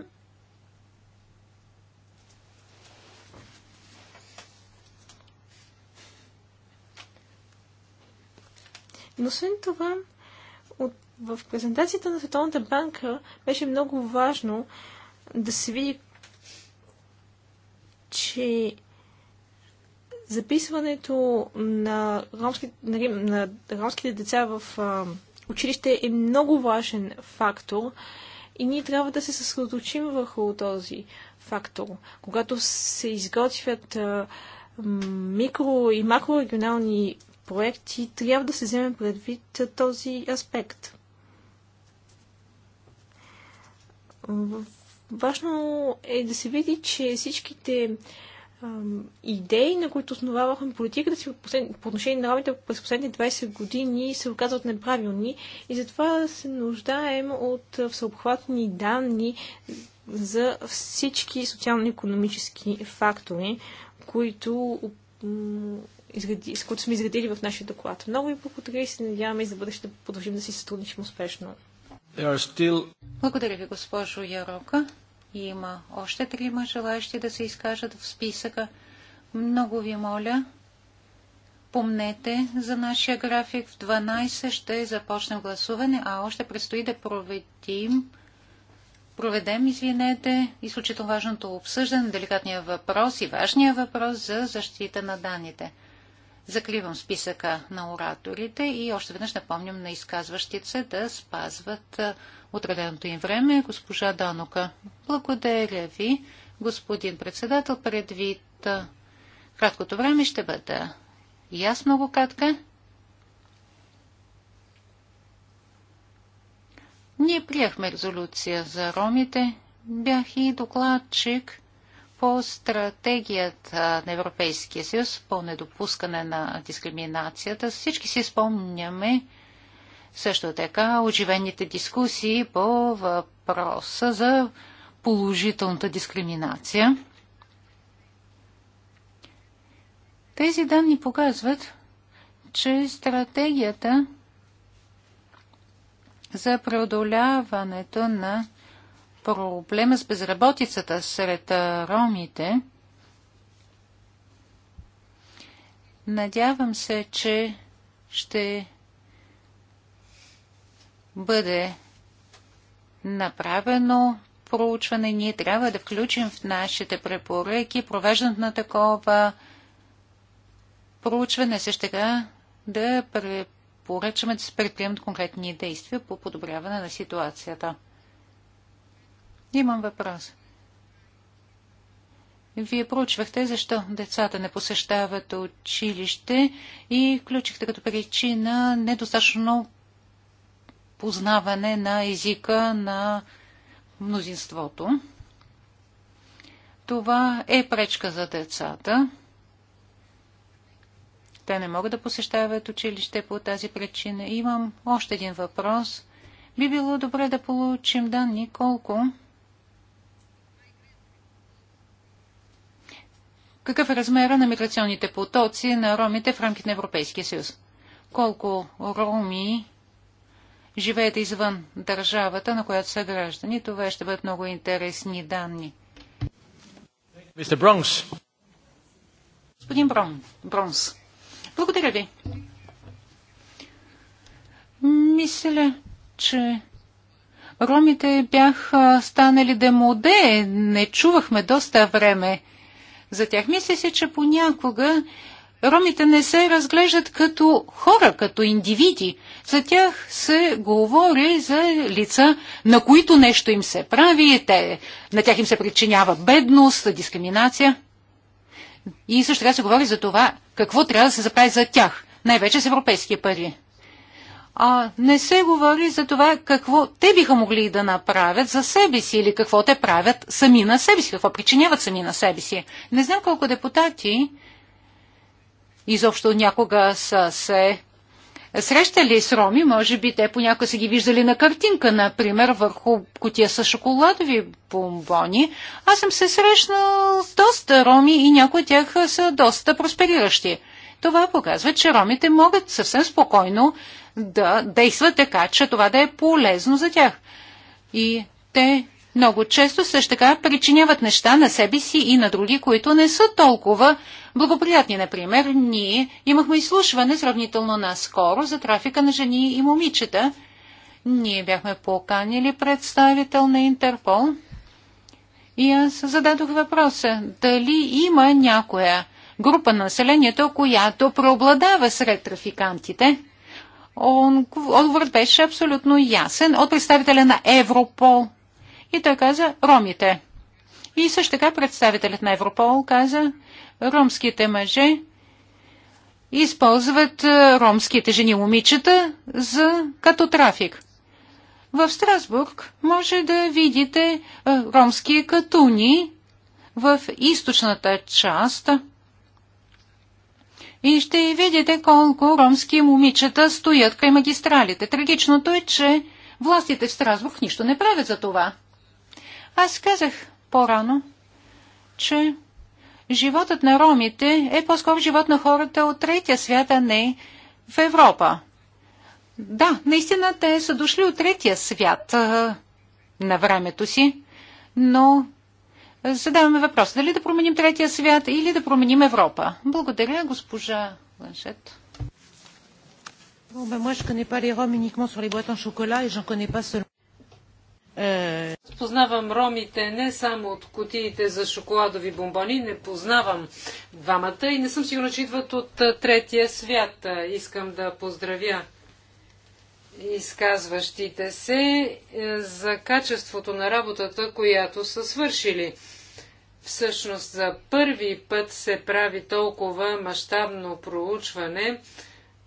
Но освен това, от, в презентацията на Световната банка беше много важно да се види, че записването на ромските, на, нали, на ромските деца в а, училище е много важен фактор и ние трябва да се съсредоточим върху този фактор. Когато се изготвят а, микро и макрорегионални проекти, трябва да се вземе предвид този аспект. Важно е да се види, че всичките идеи, на които основавахме политиката си по отношение на ромите през последните 20 години се оказват неправилни и затова се нуждаем от всеобхватни данни за всички социално-економически фактори, които с които сме изградили в нашия доклад. Много ви благодаря и се надяваме и за бъдеще да продължим да си сътрудничим успешно. Still... Благодаря ви, госпожо Ярока. Има още трима желаящи да се изкажат в списъка. Много ви моля, помнете за нашия график. В 12 ще започнем гласуване, а още предстои да проведим проведем, извинете, изключително важното обсъждане, деликатния въпрос и важния въпрос за защита на данните. Закривам списъка на ораторите и още веднъж напомням на изказващите се да спазват отреденото им време. Госпожа Данока, благодаря ви, господин председател, предвид краткото време ще бъда и аз много кратка. Ние приехме резолюция за ромите. Бях и докладчик по стратегията на Европейския съюз по недопускане на дискриминацията. Всички си спомняме също така оживените дискусии по въпроса за положителната дискриминация. Тези данни показват, че стратегията за преодоляването на проблема с безработицата сред ромите. Надявам се, че ще бъде направено проучване. Ние трябва да включим в нашите препоръки провеждането на такова проучване. Също така да препоръчаме да се предприемат конкретни действия по подобряване на ситуацията. Имам въпрос. Вие проучвахте защо децата не посещават училище и включихте като причина недостатъчно познаване на езика на мнозинството. Това е пречка за децата. Те не могат да посещават училище по тази причина. Имам още един въпрос. Би било добре да получим данни колко Какъв е размера на миграционните потоци на ромите в рамките на Европейския съюз? Колко роми живеят извън държавата, на която са граждани? Това ще бъдат много интересни данни. Мистер Господин Брон, Бронс, благодаря ви. Мисля, че ромите бяха станали демоде. Не чувахме доста време за тях. Мисля се, че понякога ромите не се разглеждат като хора, като индивиди. За тях се говори за лица, на които нещо им се прави, те, на тях им се причинява бедност, дискриминация. И също така се говори за това, какво трябва да се заправи за тях, най-вече с европейски пари а не се говори за това какво те биха могли да направят за себе си или какво те правят сами на себе си, какво причиняват сами на себе си. Не знам колко депутати изобщо някога са се срещали с роми, може би те понякога са ги виждали на картинка, например, върху котия с шоколадови бомбони. Аз съм се срещнал с доста роми и някои от тях са доста проспериращи. Това показва, че ромите могат съвсем спокойно да действат така, че това да е полезно за тях. И те много често също така причиняват неща на себе си и на други, които не са толкова благоприятни. Например, ние имахме изслушване сравнително наскоро за трафика на жени и момичета. Ние бяхме поканили представител на Интерпол и аз зададох въпроса дали има някоя група на населението, която преобладава сред трафикантите. Отговорът беше абсолютно ясен от представителя на Европол. И той каза ромите. И също така представителят на Европол каза ромските мъже използват е, ромските жени момичета за, като трафик. В Страсбург може да видите е, ромски катуни в източната част и ще видите колко ромски момичета стоят край магистралите. Трагичното е, че властите в Страсбург нищо не правят за това. Аз казах по-рано, че животът на ромите е по-скоро живот на хората от третия свят, а не в Европа. Да, наистина те са дошли от третия свят а, на времето си, но задаваме въпрос дали да променим третия свят или да променим Европа. Благодаря, госпожа Ланшет. Bon, ben moi, je connais pas les roms uniquement sur les boîtes en chocolat et j'en connais pas seulement. Е, познавам ромите не само от кутиите за шоколадови бомбони, не познавам двамата и не съм сигурна, че идват от е, третия свят. Е, искам да поздравя изказващите се за качеството на работата, която са свършили. Всъщност за първи път се прави толкова мащабно проучване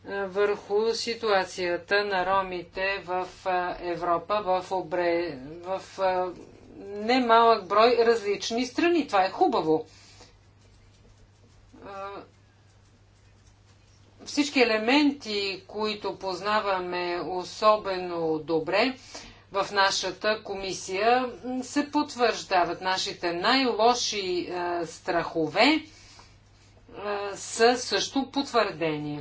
върху ситуацията на ромите в Европа, в, обре... в немалък брой различни страни. Това е хубаво. Всички елементи, които познаваме особено добре, в нашата комисия се потвърждават. Нашите най-лоши е, страхове е, са също потвърдени.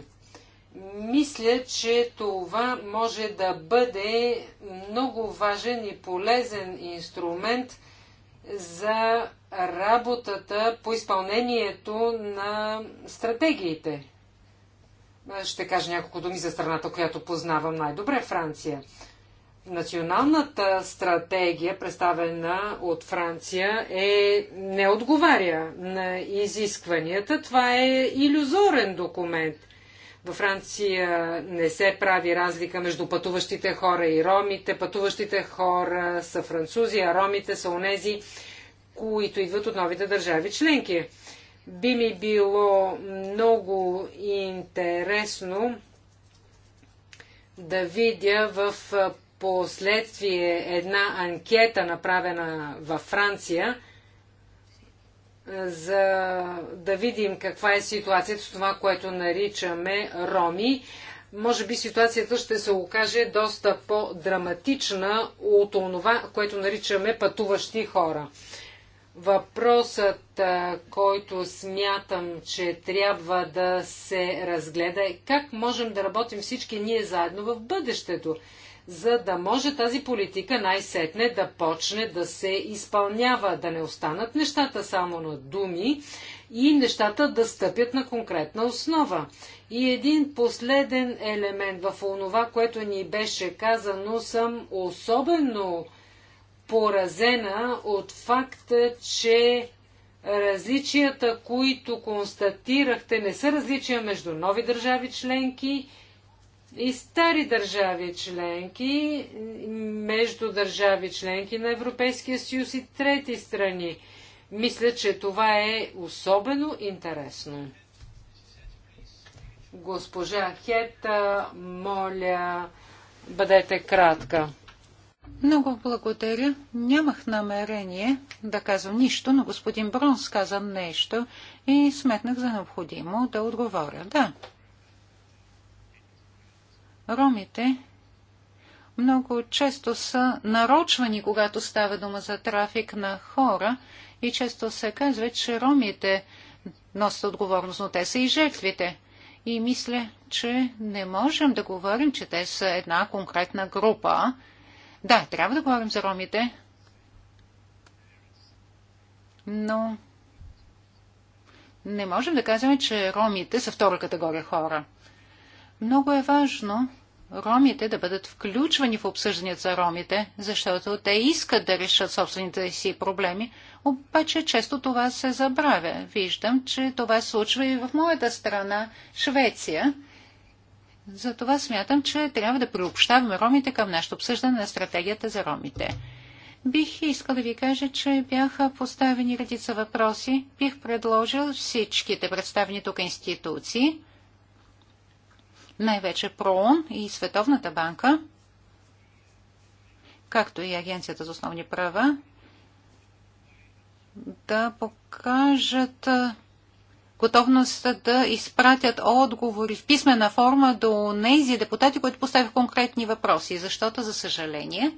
Мисля, че това може да бъде много важен и полезен инструмент за работата по изпълнението на стратегиите. Е, ще кажа няколко думи за страната, която познавам най-добре Франция. Националната стратегия, представена от Франция, е, не отговаря на изискванията. Това е иллюзорен документ. Във Франция не се прави разлика между пътуващите хора и ромите. Пътуващите хора са французи, а ромите са онези, които идват от новите държави членки. Би ми било много интересно да видя в последствие една анкета, направена във Франция, е, за да видим каква е ситуацията с това, което наричаме роми. Може би ситуацията ще се окаже доста по-драматична от това, което наричаме пътуващи хора. Въпросът, е, който смятам, че трябва да се разгледа е как можем да работим всички ние заедно в бъдещето за да може тази политика най-сетне да почне да се изпълнява, да не останат нещата само на думи и нещата да стъпят на конкретна основа. И един последен елемент в онова, което ни беше казано, съм особено поразена от факта, че различията, които констатирахте, не са различия между нови държави членки и стари държави членки, между държави членки на Европейския съюз и трети страни. Мисля, че това е особено интересно. Госпожа Хета, моля, бъдете кратка. Много благодаря. Нямах намерение да казвам нищо, но господин Бронс каза нещо и сметнах за необходимо да отговоря. Да, ромите много често са нарочвани, когато става дума за трафик на хора и често се казва, че ромите носят отговорност, но те са и жертвите. И мисля, че не можем да говорим, че те са една конкретна група. Да, трябва да говорим за ромите, но не можем да казваме, че ромите са втора категория хора. Много е важно ромите да бъдат включвани в обсъждането за ромите, защото те искат да решат собствените си проблеми, обаче често това се забравя. Виждам, че това случва и в моята страна, Швеция. Затова смятам, че трябва да приобщаваме ромите към нашето обсъждане на стратегията за ромите. Бих искал да ви кажа, че бяха поставени редица въпроси. Бих предложил всичките представени тук институции – най-вече ПРООН и Световната банка, както и Агенцията за основни права, да покажат готовността да изпратят отговори в писмена форма до нези депутати, които поставят конкретни въпроси, защото, за съжаление,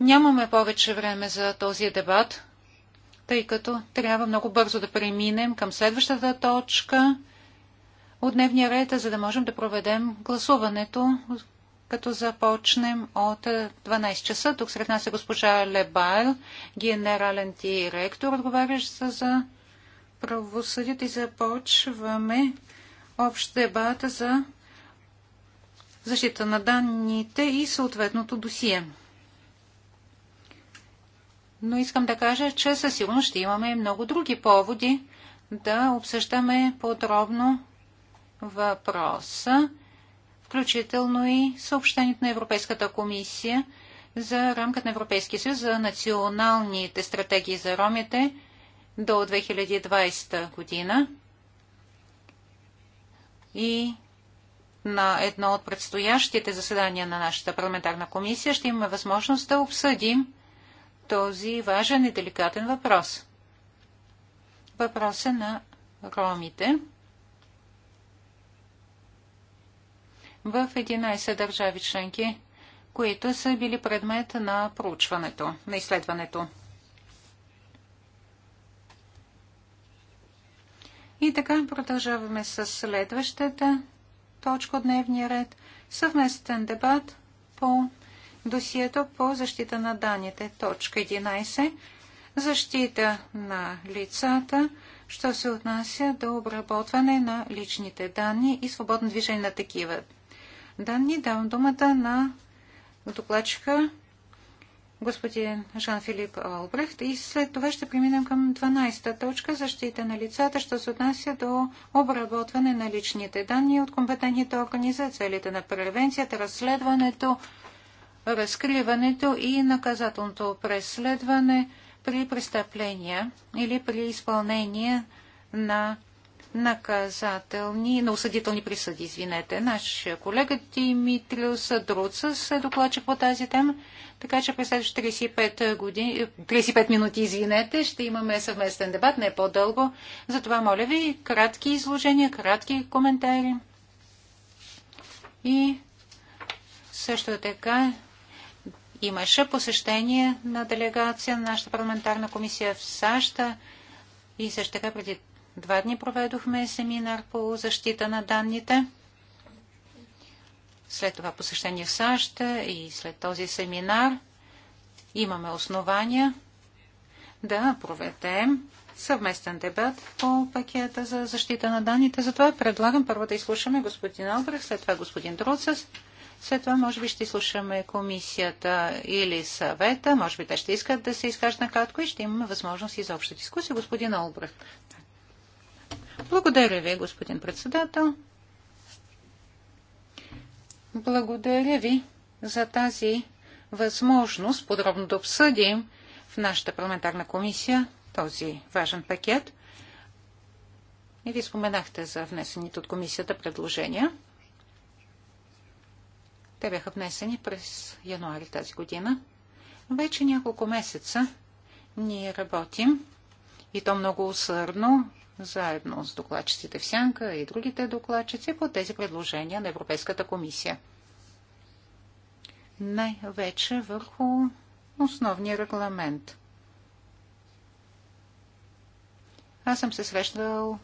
нямаме повече време за този дебат, тъй като трябва много бързо да преминем към следващата точка – от дневния ред, за да можем да проведем гласуването, като започнем от 12 е, часа. Тук сред нас е госпожа Лебайл, генерален директор, отговарящ за правосъдието и започваме общ дебат за защита на данните и съответното досие. Но искам да кажа, че със сигурност ще имаме много други поводи да обсъждаме подробно въпроса, включително и съобщението на Европейската комисия за рамката на Европейския съюз за националните стратегии за ромите до 2020 година и на едно от предстоящите заседания на нашата парламентарна комисия ще имаме възможност да обсъдим този важен и деликатен въпрос. Въпроса на ромите – в 11 държави членки, които са били предмет на проучването, на изследването. И така продължаваме с следващата точка от дневния ред. Съвместен дебат по досието по защита на данните. Точка 11. Защита на лицата, що се отнася до обработване на личните данни и свободно движение на такива данни. Давам думата на докладчика господин Жан-Филип Албрехт и след това ще преминем към 12-та точка защита на лицата, що се отнася до обработване на личните данни от компетентните органи за целите на превенцията, разследването, разкриването и наказателното преследване при престъпления или при изпълнение на наказателни, на осъдителни присъди, извинете. Нашия колега Димитриус Друцъс е докладчик по тази тема, така че през следващите 35, години, 35 минути, извинете, ще имаме съвместен дебат, не е по-дълго. Затова, моля ви, кратки изложения, кратки коментари. И също така имаше посещение на делегация на нашата парламентарна комисия в САЩ и също така преди Два дни проведохме семинар по защита на данните. След това посещение в САЩ и след този семинар имаме основания да проведем съвместен дебат по пакета за защита на данните. Затова предлагам първо да изслушаме господин Албрех, след това господин Друцес. След това, може би, ще слушаме комисията или съвета. Може би те ще искат да се изкажат накратко и ще имаме възможност и за обща дискусия. Господин Олбрехт, благодаря ви, господин председател. Благодаря ви за тази възможност подробно да обсъдим в нашата парламентарна комисия този важен пакет. И ви споменахте за внесените от комисията предложения. Те бяха внесени през януари тази година. Вече няколко месеца ние работим и то много усърдно заедно с докладчиците в Сянка и другите докладчици по тези предложения на Европейската комисия. Най-вече върху основния регламент. Аз съм се срещал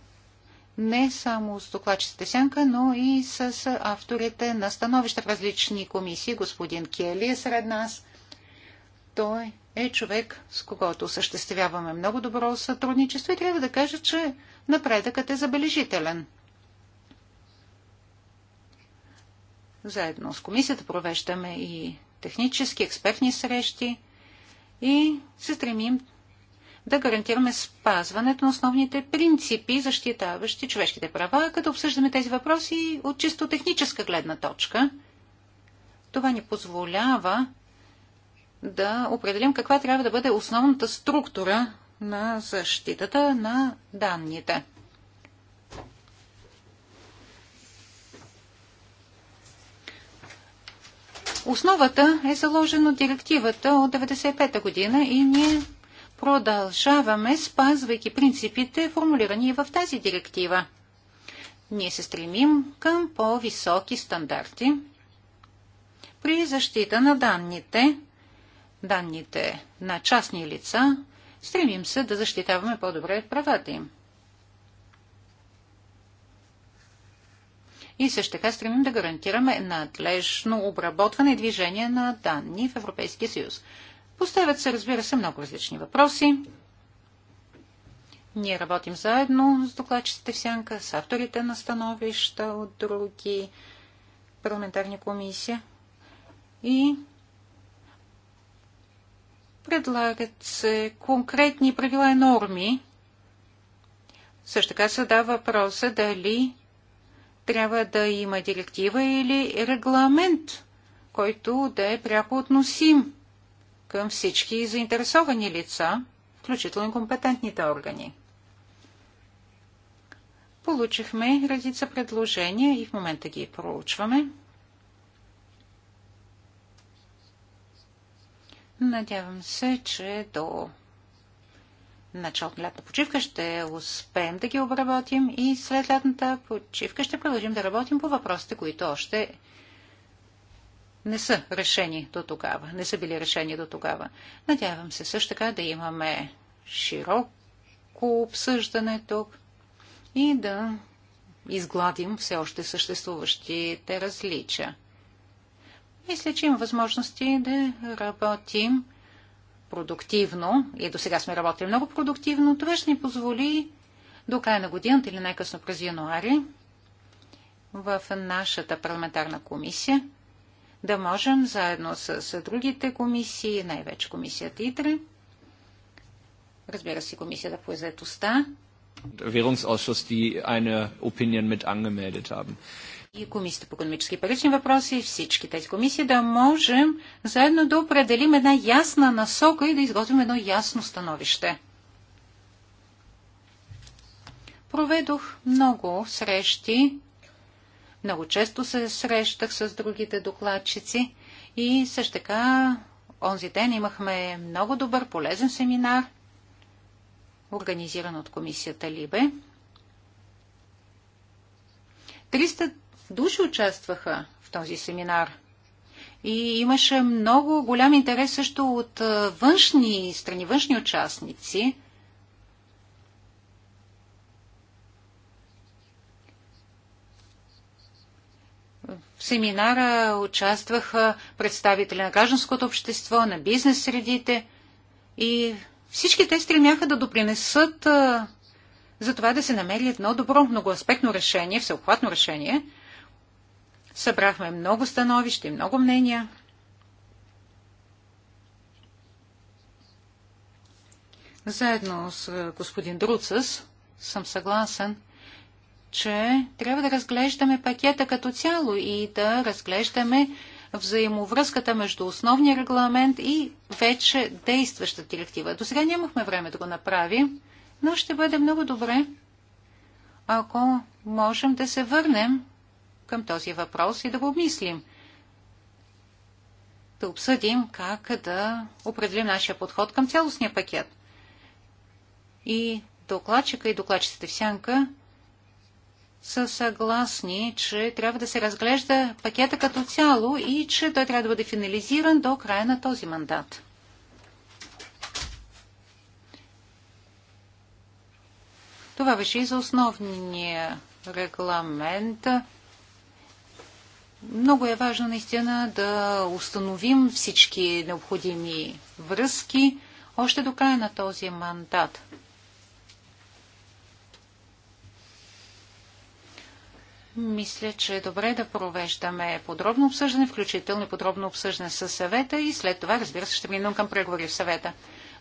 не само с докладчиците Сянка, но и с авторите на становища в различни комисии. Господин Кели е сред нас. Той е човек, с когото осъществяваме много добро сътрудничество и трябва да кажа, че напредъкът е забележителен. Заедно с комисията провеждаме и технически, експертни срещи и се стремим да гарантираме спазването на основните принципи, защитаващи човешките права, като обсъждаме тези въпроси от чисто техническа гледна точка. Това ни позволява да определим каква трябва да бъде основната структура на защитата на данните. Основата е заложена от директивата от 1995 година и ние продължаваме, спазвайки принципите, формулирани в тази директива. Ние се стремим към по-високи стандарти при защита на данните – данните на частни лица, стремим се да защитаваме по-добре правата им. И също така стремим да гарантираме надлежно обработване и движение на данни в Европейския съюз. Поставят се, разбира се, много различни въпроси. Ние работим заедно с докладчиците в Сянка, с авторите на становища от други парламентарни комисии. И Предлагат се конкретни правила и норми. Също така се дава въпроса дали трябва да има директива или регламент, който да е пряко относим към всички заинтересовани лица, включително компетентните органи. Получихме редица предложения и в момента ги проучваме. Надявам се, че до началото на лятна почивка ще успеем да ги обработим и след лятната почивка ще продължим да работим по въпросите, които още не са решени до тогава. Не са били решени до тогава. Надявам се също така да имаме широко обсъждане тук и да изгладим все още съществуващите различия. Мисля, че има възможности да работим продуктивно. И до сега сме работили много продуктивно. Това ще ни позволи до края на годината или най-късно през януари в нашата парламентарна комисия да можем заедно с другите комисии, най-вече комисията ИТРЕ, разбира се, комисията по заедостта, Währungsausschuss, die eine Opinion mit angemeldet haben и Комисията по економически и парични въпроси и всички тези комисии да можем заедно да определим една ясна насока и да изготвим едно ясно становище. Проведох много срещи, много често се срещах с другите докладчици и също така онзи ден имахме много добър полезен семинар, организиран от комисията Либе души участваха в този семинар. И имаше много голям интерес също от външни страни, външни участници. В семинара участваха представители на гражданското общество, на бизнес средите и всички те стремяха да допринесат за това да се намери едно добро многоаспектно решение, всеобхватно решение – Събрахме много становища и много мнения. Заедно с е, господин Друцъс съм съгласен, че трябва да разглеждаме пакета като цяло и да разглеждаме взаимовръзката между основния регламент и вече действаща директива. До сега нямахме време да го направим, но ще бъде много добре, ако можем да се върнем към този въпрос и да го обмислим. Да обсъдим как да определим нашия подход към цялостния пакет. И докладчика и докладчиците в сянка са съгласни, че трябва да се разглежда пакета като цяло и че той трябва да бъде финализиран до края на този мандат. Това беше и за основния регламент много е важно наистина да установим всички необходими връзки още до края на този мандат. Мисля, че е добре да провеждаме подробно обсъждане, включително и подробно обсъждане с съвета и след това, разбира се, ще минем към преговори в съвета.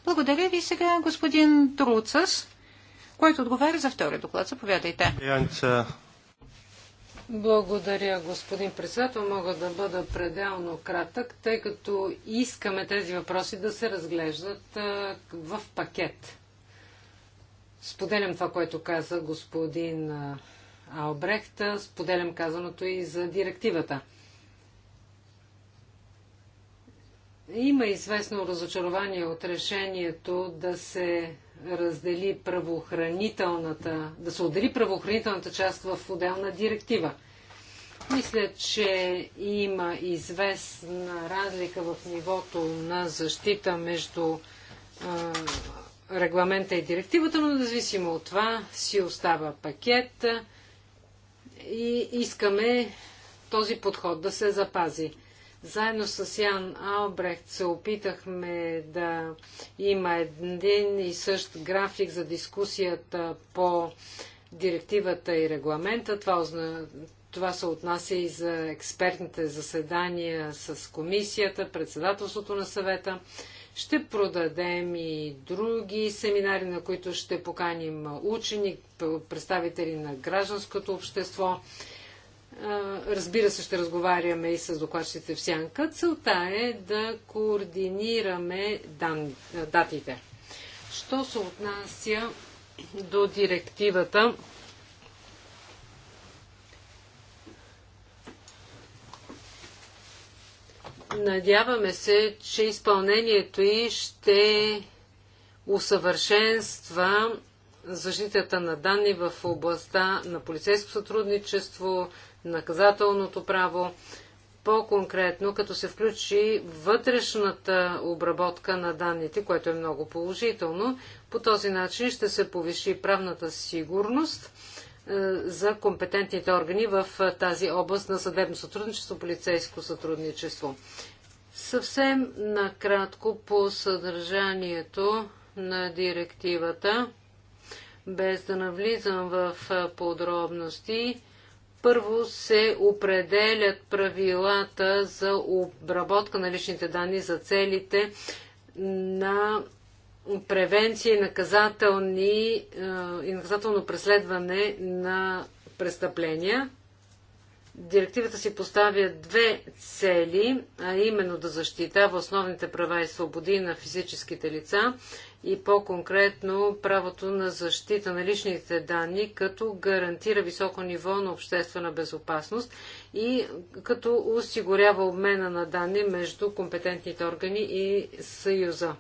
Благодаря ви сега, господин Труцас, който отговаря за втория доклад. Заповядайте. Благодаря, господин председател. Мога да бъда пределно кратък, тъй като искаме тези въпроси да се разглеждат а, в пакет. Споделям това, което каза господин Албрехт, споделям казаното и за директивата. Има известно разочарование от решението да се раздели правоохранителната, да се отдели правоохранителната част в отделна директива. Мисля, че има известна разлика в нивото на защита между а, регламента и директивата, но независимо от това си остава пакет и искаме този подход да се запази. Заедно с Ян Албрехт се опитахме да има един и същ график за дискусията по директивата и регламента. Това, озна... Това се отнася и за експертните заседания с комисията, председателството на съвета. Ще продадем и други семинари, на които ще поканим учени, представители на гражданското общество Разбира се, ще разговаряме и с докладчите в сянка. Целта е да координираме дан... датите. Що се отнася до директивата, Надяваме се, че изпълнението и ще усъвършенства защитата на данни в областта на полицейско сътрудничество, наказателното право, по-конкретно, като се включи вътрешната обработка на данните, което е много положително. По този начин ще се повиши правната сигурност е, за компетентните органи в е, тази област на съдебно сътрудничество, полицейско сътрудничество. Съвсем накратко по съдържанието на директивата, без да навлизам в е, подробности, първо се определят правилата за обработка на личните данни за целите на превенция и, наказателни, и наказателно преследване на престъпления. Директивата си поставя две цели, а именно да защитава основните права и свободи на физическите лица и по-конкретно правото на защита на личните данни, като гарантира високо ниво на обществена безопасност и като осигурява обмена на данни между компетентните органи и Съюза.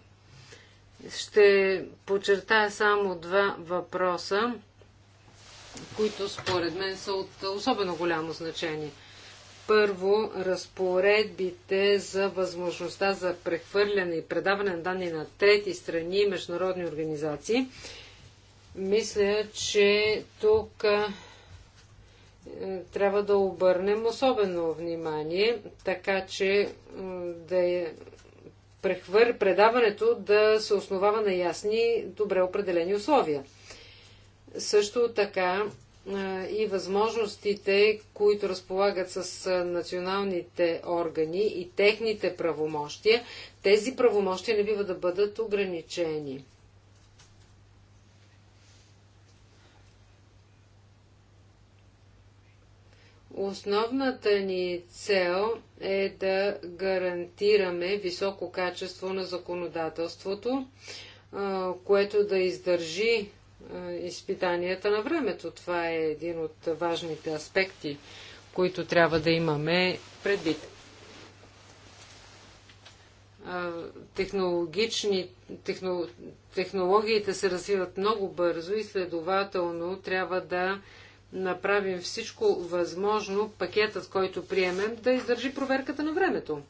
Ще подчертая само два въпроса, които според мен са от особено голямо значение – първо, разпоредбите за възможността за прехвърляне и предаване на данни на трети страни и международни организации. Мисля, че тук е, трябва да обърнем особено внимание, така че да е прехвър... предаването да се основава на ясни, добре определени условия. Също така и възможностите, които разполагат с националните органи и техните правомощия, тези правомощия не бива да бъдат ограничени. Основната ни цел е да гарантираме високо качество на законодателството, което да издържи изпитанията на времето. Това е един от важните аспекти, които трябва да имаме предвид. Технологични, техно, технологиите се развиват много бързо и следователно трябва да направим всичко възможно пакетът, който приемем, да издържи проверката на времето.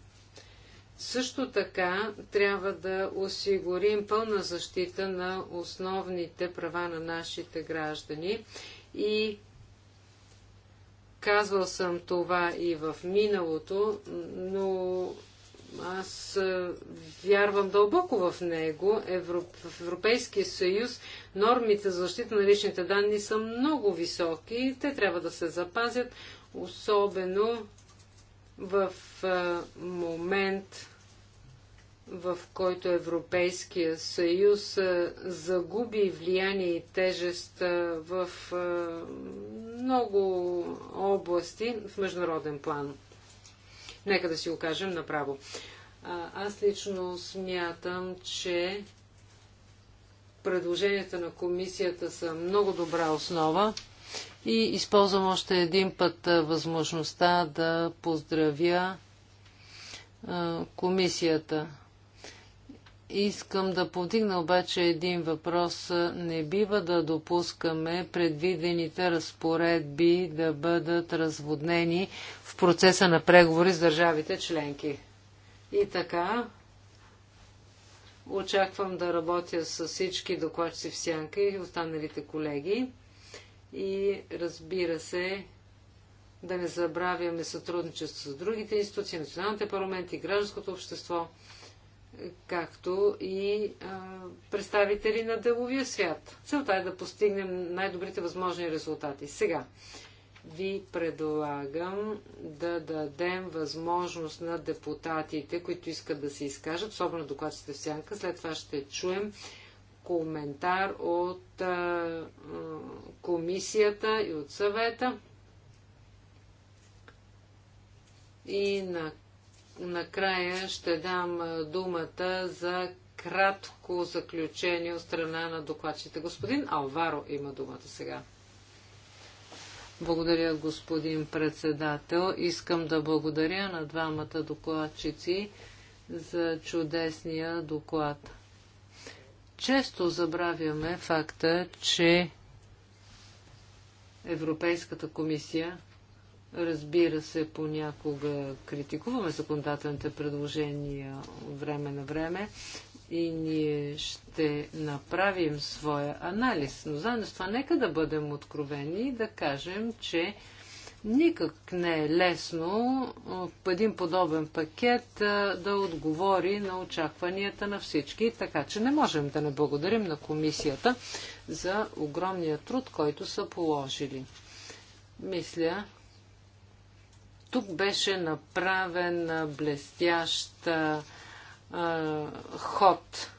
Също така трябва да осигурим пълна защита на основните права на нашите граждани и казвал съм това и в миналото, но аз вярвам дълбоко в него. Европ... В Европейския съюз нормите за защита на личните данни са много високи и те трябва да се запазят, особено в момент, в който Европейския съюз загуби влияние и тежест в много области в международен план. Нека да си го кажем направо. Аз лично смятам, че предложенията на комисията са много добра основа. И използвам още един път възможността да поздравя комисията. Искам да повдигна обаче един въпрос. Не бива да допускаме предвидените разпоредби да бъдат разводнени в процеса на преговори с държавите членки. И така, очаквам да работя с всички докладчици в сянка и останалите колеги и разбира се, да не забравяме сътрудничество с другите институции, националните парламенти, гражданското общество, както и а, представители на деловия свят. Целта е да постигнем най-добрите възможни резултати. Сега ви предлагам да дадем възможност на депутатите, които искат да се изкажат, особено докладчите в сянка. След това ще чуем коментар от а, комисията и от съвета. И на, накрая ще дам думата за кратко заключение от страна на докладчите. Господин Алваро има думата сега. Благодаря, господин председател. Искам да благодаря на двамата докладчици за чудесния доклад. Често забравяме факта, че Европейската комисия, разбира се, понякога критикуваме законодателните предложения от време на време и ние ще направим своя анализ. Но заедно с това нека да бъдем откровени и да кажем, че Никак не е лесно един подобен пакет да отговори на очакванията на всички, така че не можем да не благодарим на комисията за огромния труд, който са положили. Мисля, тук беше направен блестящ а, ход.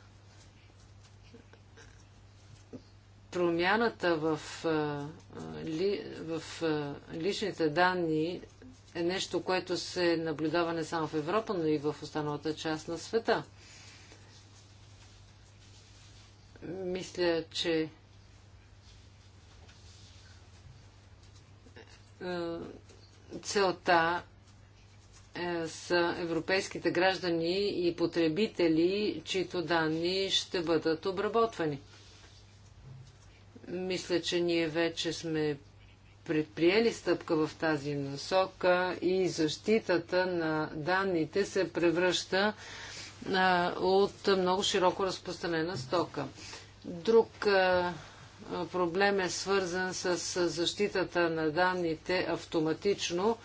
промяната в, ли, в личните данни е нещо, което се наблюдава не само в Европа, но и в останалата част на света. Мисля, че целта е, са европейските граждани и потребители, чието данни ще бъдат обработвани. Мисля, че ние вече сме предприели стъпка в тази насока и защитата на данните се превръща а, от много широко разпространена стока. Друг а, проблем е свързан с защитата на данните автоматично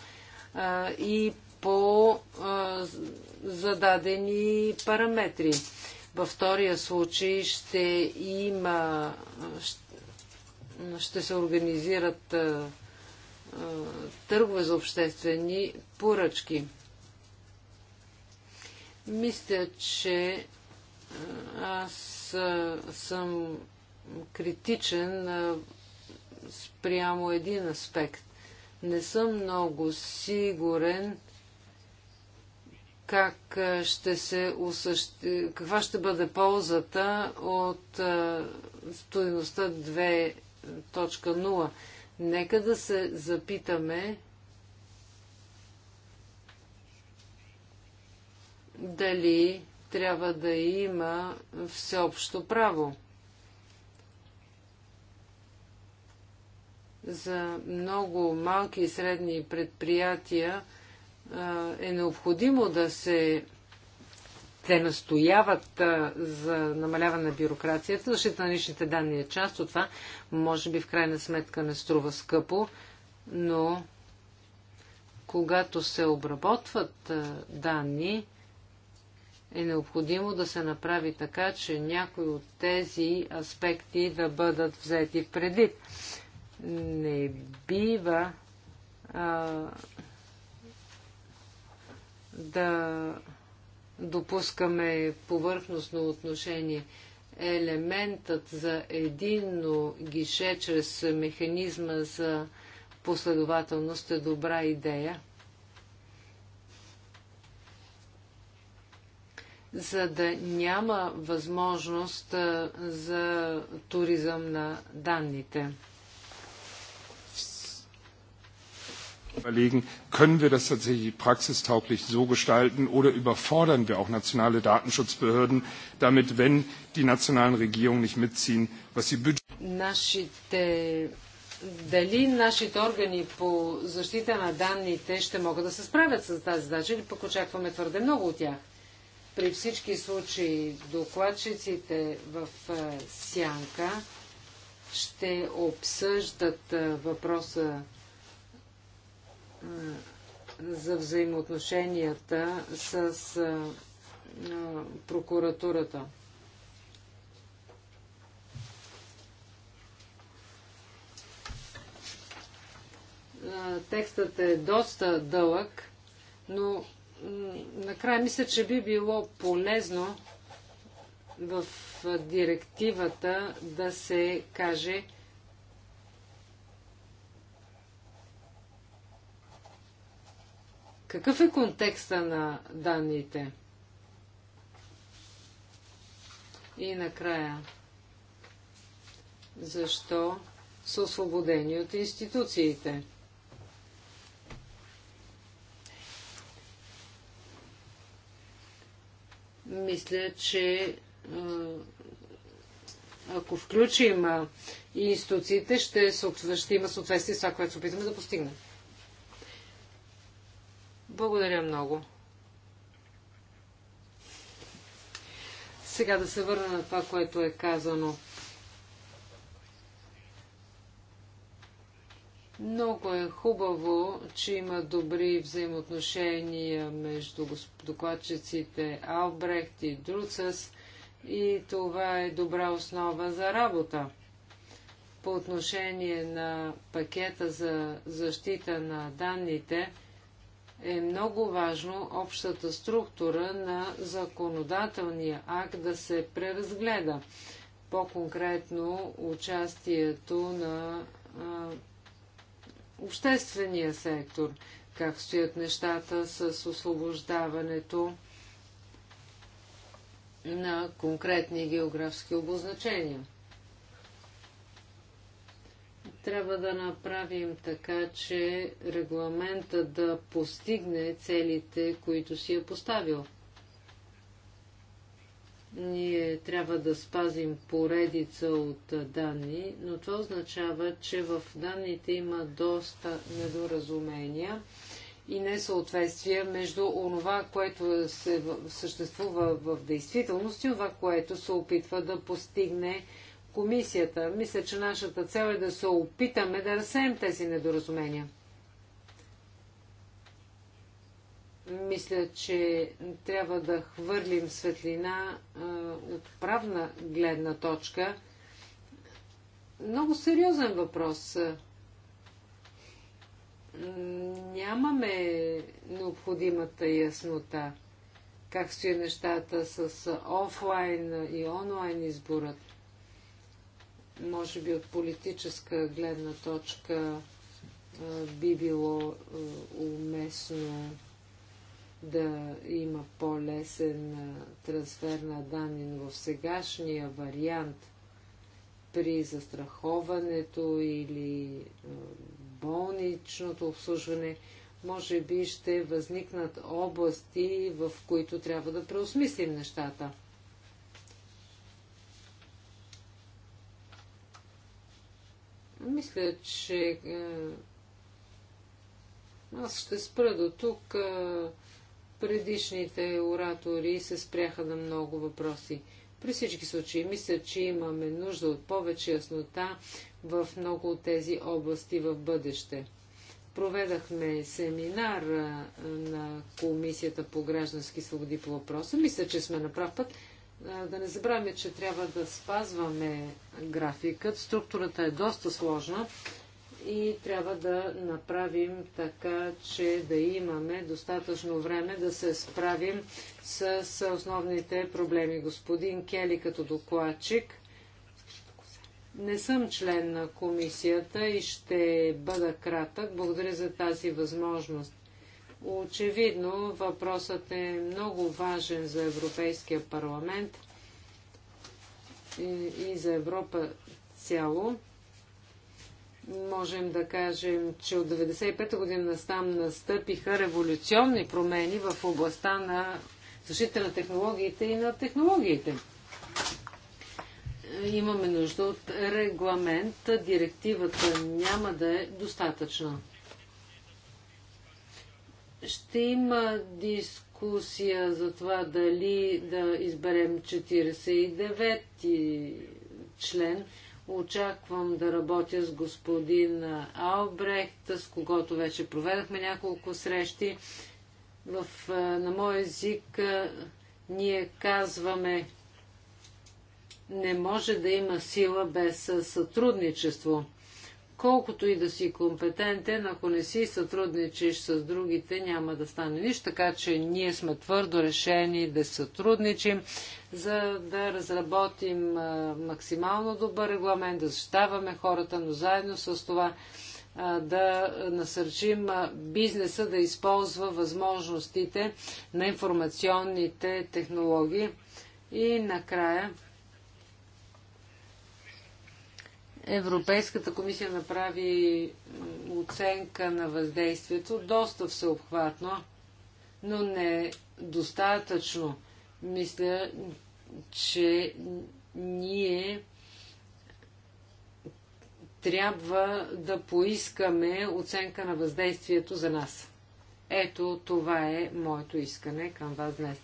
а, и по зададени параметри. Във втория случай ще има, ще ще се организират търгове за обществени поръчки. Мисля, че аз съм критичен спрямо един аспект. Не съм много сигурен как ще се осъщи... каква ще бъде ползата от стоеността точка 0. Нека да се запитаме дали трябва да има всеобщо право. За много малки и средни предприятия е необходимо да се те настояват за намаляване на бюрокрацията. Защита на личните данни е част от това. Може би в крайна сметка не струва скъпо, но когато се обработват данни, е необходимо да се направи така, че някои от тези аспекти да бъдат взети в предвид. Не бива а, да допускаме повърхностно отношение. Елементът за единно гише чрез механизма за последователност е добра идея. за да няма възможност за туризъм на данните. überlegen, können wir das tatsächlich praxistauglich so gestalten oder überfordern wir auch nationale Datenschutzbehörden damit, wenn die nationalen Regierungen nicht mitziehen, was sie Budget дали нашите органи по защита на данните ще могат да се справят с тази задача или пък очакваме твърде много от тях. При всички случаи докладчиците в сянка ще обсъждат въпроса за взаимоотношенията с прокуратурата. Текстът е доста дълъг, но накрая мисля, че би било полезно в директивата да се каже, Какъв е контекста на данните? И накрая, защо са освободени от институциите? Мисля, че ако включим институциите, ще, ще има съответствие с това, което се опитваме да постигнем. Благодаря много. Сега да се върна на това, което е казано. Много е хубаво, че има добри взаимоотношения между докладчиците Албрехт и Друцас и това е добра основа за работа. По отношение на пакета за защита на данните – е много важно общата структура на законодателния акт да се преразгледа. По-конкретно участието на а, обществения сектор, как стоят нещата с освобождаването на конкретни географски обозначения. Трябва да направим така, че регламента да постигне целите, които си е поставил. Ние трябва да спазим поредица от данни, но това означава, че в данните има доста недоразумения и несъответствие между онова, което се съществува в действителност и това, което се опитва да постигне комисията. Мисля, че нашата цел е да се опитаме да разсеем тези недоразумения. Мисля, че трябва да хвърлим светлина а, от правна гледна точка. Много сериозен въпрос. Нямаме необходимата яснота как стои нещата с офлайн и онлайн изборът може би от политическа гледна точка би било уместно да има по-лесен трансфер на данни, но в сегашния вариант при застраховането или болничното обслужване, може би ще възникнат области, в които трябва да преосмислим нещата – Мисля, че е, аз ще спра до тук. Е, предишните оратори се спряха на много въпроси. При всички случаи, мисля, че имаме нужда от повече яснота в много от тези области в бъдеще. Проведахме семинар е, на Комисията по граждански свободи по въпроса. Мисля, че сме на прав път. Да не забравяме, че трябва да спазваме графикът. Структурата е доста сложна и трябва да направим така, че да имаме достатъчно време да се справим с основните проблеми. Господин Кели като докладчик. Не съм член на комисията и ще бъда кратък. Благодаря за тази възможност. Очевидно въпросът е много важен за Европейския парламент и, за Европа цяло. Можем да кажем, че от 1995 година там настъпиха революционни промени в областта на защита на технологиите и на технологиите имаме нужда от регламент. Директивата няма да е достатъчна. Ще има дискусия за това дали да изберем 49 ти член. Очаквам да работя с господин Албрехт, с когото вече проведахме няколко срещи. В, на мой език ние казваме не може да има сила без сътрудничество колкото и да си компетентен, ако не си сътрудничиш с другите, няма да стане нищо, така че ние сме твърдо решени да сътрудничим, за да разработим максимално добър регламент, да защитаваме хората, но заедно с това да насърчим бизнеса да използва възможностите на информационните технологии. И накрая Европейската комисия направи оценка на въздействието доста всеобхватно, но не достатъчно. Мисля, че ние трябва да поискаме оценка на въздействието за нас. Ето това е моето искане към вас днес.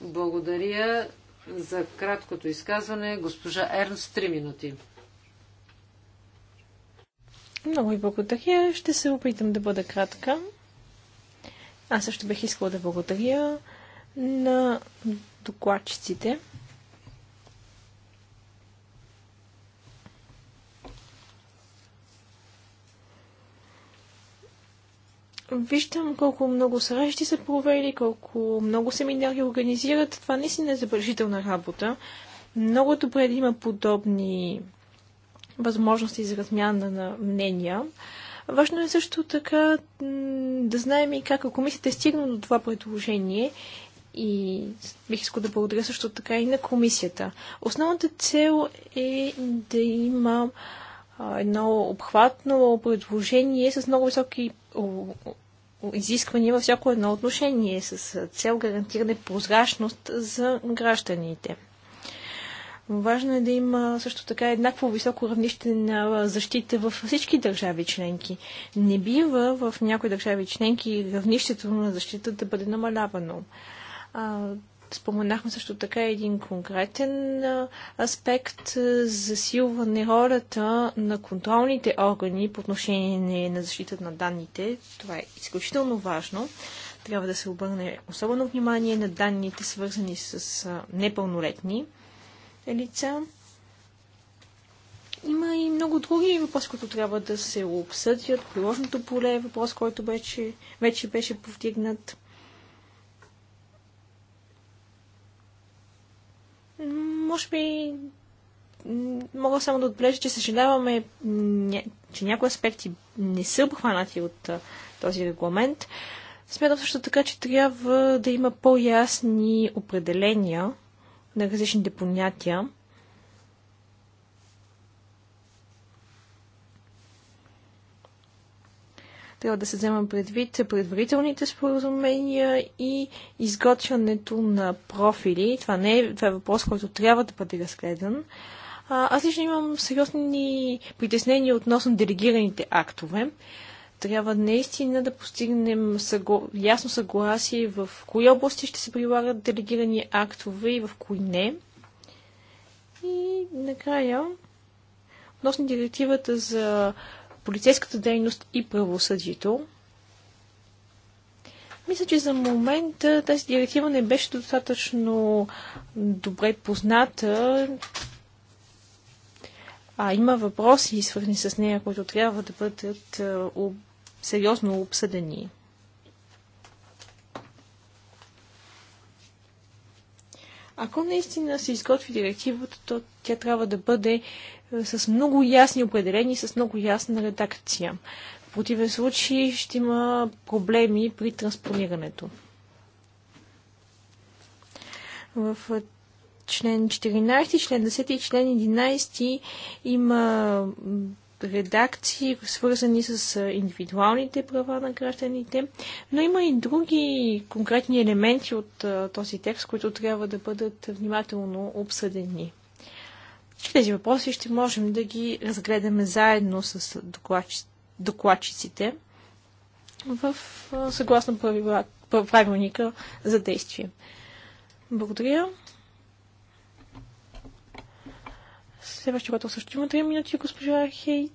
Благодаря за краткото изказване. Госпожа Ернст, 3 минути. Много ви благодаря. Ще се опитам да бъда кратка. Аз също бих искала да благодаря на докладчиците. виждам колко много срещи са провели, колко много семинари организират. Това наистина е забележителна работа. Много добре да има подобни възможности за размяна на мнения. Важно е също така да знаем и как комисията е стигнала до това предложение и бих искал да благодаря също така и на комисията. Основната цел е да има едно обхватно предложение с много високи изисквания във всяко едно отношение с цел гарантиране прозрачност за гражданите. Но важно е да има също така еднакво високо равнище на защита във всички държави членки. Не бива в някои държави членки равнището на защита да бъде намалявано. Споменахме също така един конкретен аспект засилване ролята на контролните органи по отношение на защита на данните. Това е изключително важно. Трябва да се обърне особено внимание на данните, свързани с непълнолетни лица. Има и много други въпроси, които трябва да се обсъдят. Приложното поле е въпрос, който вече, вече беше повдигнат. Може би мога само да отбележа, че съжаляваме, че някои аспекти не са обхванати от този регламент. Смятам също така, че трябва да има по-ясни определения на различните понятия. трябва да се взема предвид предварителните споразумения и изготвянето на профили. Това не е, това е въпрос, който трябва да бъде разгледан. аз лично имам сериозни притеснения относно делегираните актове трябва наистина да постигнем съгло... ясно съгласие в кои области ще се прилагат делегирани актове и в кои не. И накрая, относно директивата за полицейската дейност и правосъдието, мисля, че за момента тази директива не беше достатъчно добре позната. А има въпроси, свързани с нея, които трябва да бъдат сериозно обсъдени. Ако наистина се изготви директивата, то тя трябва да бъде е, с много ясни определения, с много ясна редакция. В противен случай ще има проблеми при транспонирането. В е, член 14, член 10 и член 11 има редакции, свързани с индивидуалните права на гражданите, но има и други конкретни елементи от този текст, които трябва да бъдат внимателно обсъдени. Тези въпроси ще можем да ги разгледаме заедно с докладчиците в съгласно правилника за действие. Благодаря. Следващия оратор също има 3 минути, госпожа Хейт.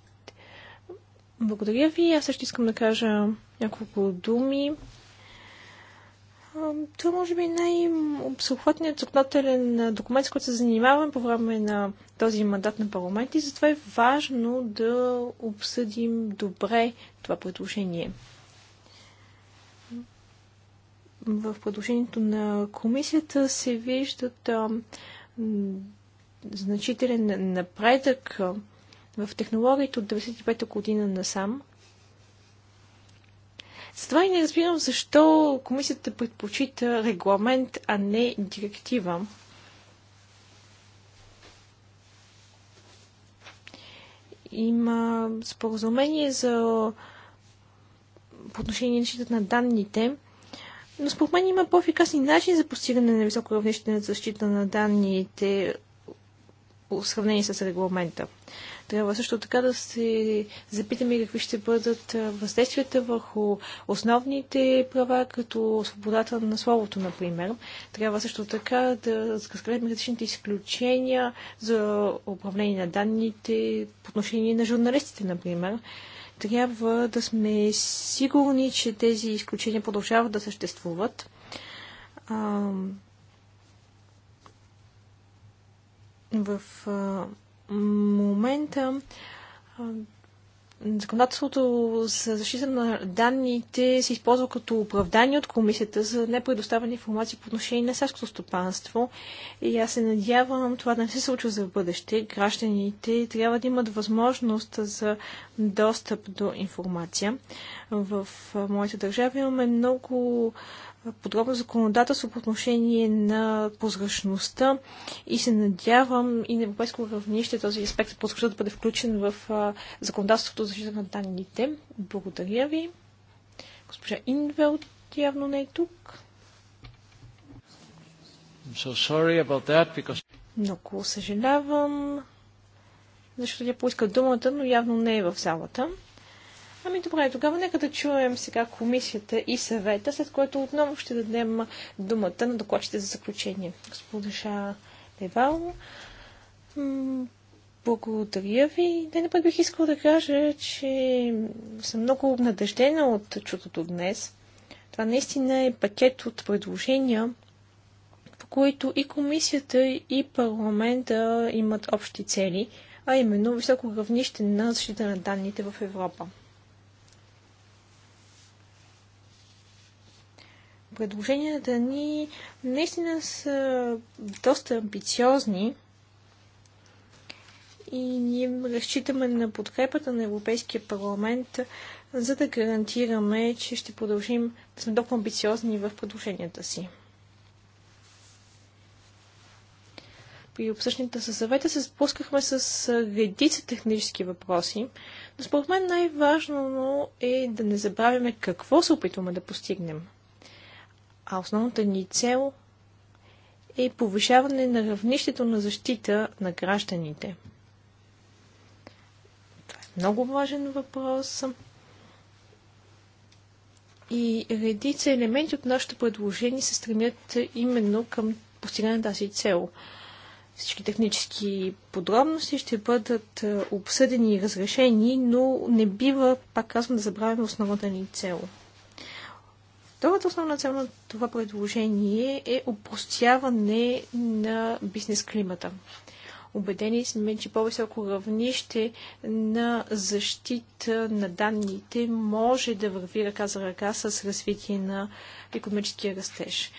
Благодаря ви. Аз също искам да кажа няколко думи. Това може би е най-обсъхватният законодателен документ, с който се занимаваме по време на този мандат на парламент и затова е важно да обсъдим добре това предложение. В предложението на комисията се виждат значителен напредък в технологията от 95-та година насам. Затова и не разбирам защо комисията предпочита регламент, а не директива. Има споразумение за по отношение на защита на данните, но според мен има по-ефикасни начини за постигане на високо равнище на защита на данните по сравнение с регламента. Трябва също така да се запитаме какви ще бъдат въздействията върху основните права, като свободата на словото, например. Трябва също така да разгледаме различните изключения за управление на данните по отношение на журналистите, например. Трябва да сме сигурни, че тези изключения продължават да съществуват В момента законодателството за защита на данните се използва като оправдание от комисията за непредоставена информация по отношение на селското стопанство. И аз се надявам това да не се случва за бъдеще. Гражданите трябва да имат възможност за достъп до информация. В моята държава имаме много подробно законодателство по отношение на прозрачността и се надявам и на европейско равнище този аспект прозрачността да бъде включен в законодателството за защита на данните. Благодаря ви. Госпожа Инвелт явно не е тук. So that, because... Много съжалявам, защото тя поиска думата, но явно не е в залата. Ами добре, тогава нека да чуем сега комисията и съвета, след което отново ще дадем думата на докладчите за заключение. Господа Левал, благодаря ви. Ден път бих искал да кажа, че съм много обнадеждена от чутото днес. Това наистина е пакет от предложения, по които и комисията, и парламента имат общи цели, а именно високо равнище на защита на данните в Европа. Предложенията ни наистина са доста амбициозни и ние разчитаме на подкрепата на Европейския парламент, за да гарантираме, че ще продължим да сме толкова амбициозни в предложенията си. при обсъщането със съвета се спускахме с редица технически въпроси, но според мен най-важно е да не забравяме какво се опитваме да постигнем. А основната ни цел е повишаване на равнището на защита на гражданите. Това е много важен въпрос. И редица елементи от нашето предложение се стремят именно към постигане на тази цел. Всички технически подробности ще бъдат е, обсъдени и разрешени, но не бива, пак казвам, да забравяме основната ни цел – Втората основна цел на това предложение е опростяване на бизнес климата. Обедени сме, че по-високо равнище на защита на данните може да върви ръка за ръка с развитие на економическия растеж.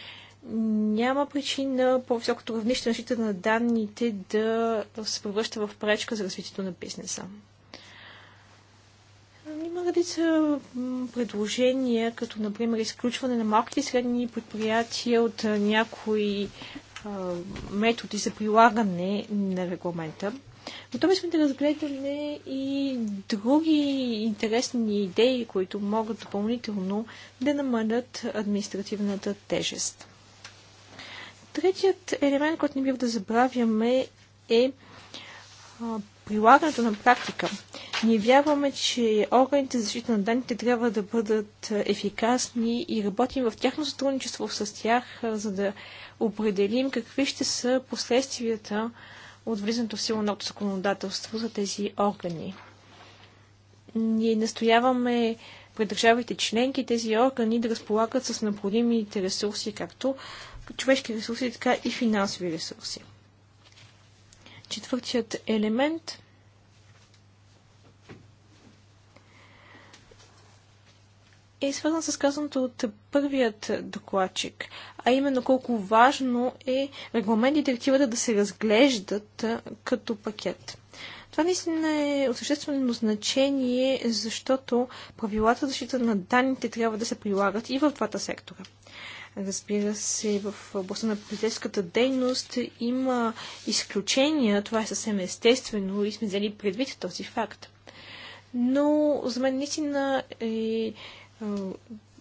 Няма причина по-високото равнище на защита на данните да се превръща в пречка за развитието на бизнеса. Има редица предложения, като например изключване на малките и средни предприятия от някои а, методи за прилагане на регламента. Готови сме да разгледаме и други интересни идеи, които могат допълнително да намалят административната тежест. Третият елемент, който не бива да забравяме е прилагането на практика. Ние вярваме, че органите за защита на данните трябва да бъдат е, ефикасни и работим в тяхно сътрудничество с тях, е, за да определим какви ще са последствията от влизането в сила на законодателство за тези органи. Ние настояваме пред държавите членки тези органи да разполагат с необходимите ресурси, както човешки ресурси, така и финансови ресурси. Четвъртият елемент е свързан с казаното от първият докладчик, а именно колко важно е регламент и директивата да се разглеждат като пакет. Това наистина е осъществено значение, защото правилата за защита на данните трябва да се прилагат и в двата сектора. Разбира се, в областта на полицейската дейност има изключения, това е съвсем естествено и сме взели предвид този факт. Но за мен наистина е, е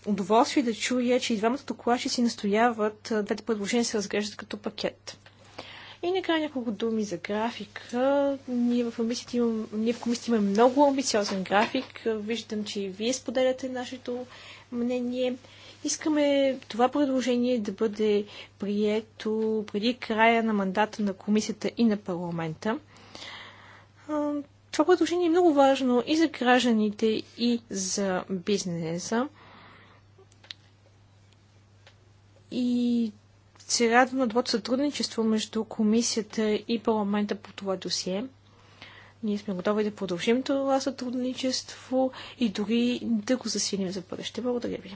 удоволствие да чуя, че и двамата докладчи си настояват двете предложения се разглеждат като пакет. И нека няколко думи за графика. Ние в, комисията имаме, ние в комисията имаме много амбициозен график. Виждам, че и вие споделяте нашето мнение. Искаме това предложение да бъде прието преди края на мандата на комисията и на парламента. Това предложение е много важно и за гражданите, и за бизнеса. И се радвам на двото сътрудничество между комисията и парламента по това досие. Ние сме готови да продължим това сътрудничество и дори да го засилим за бъдеще. Благодаря ви.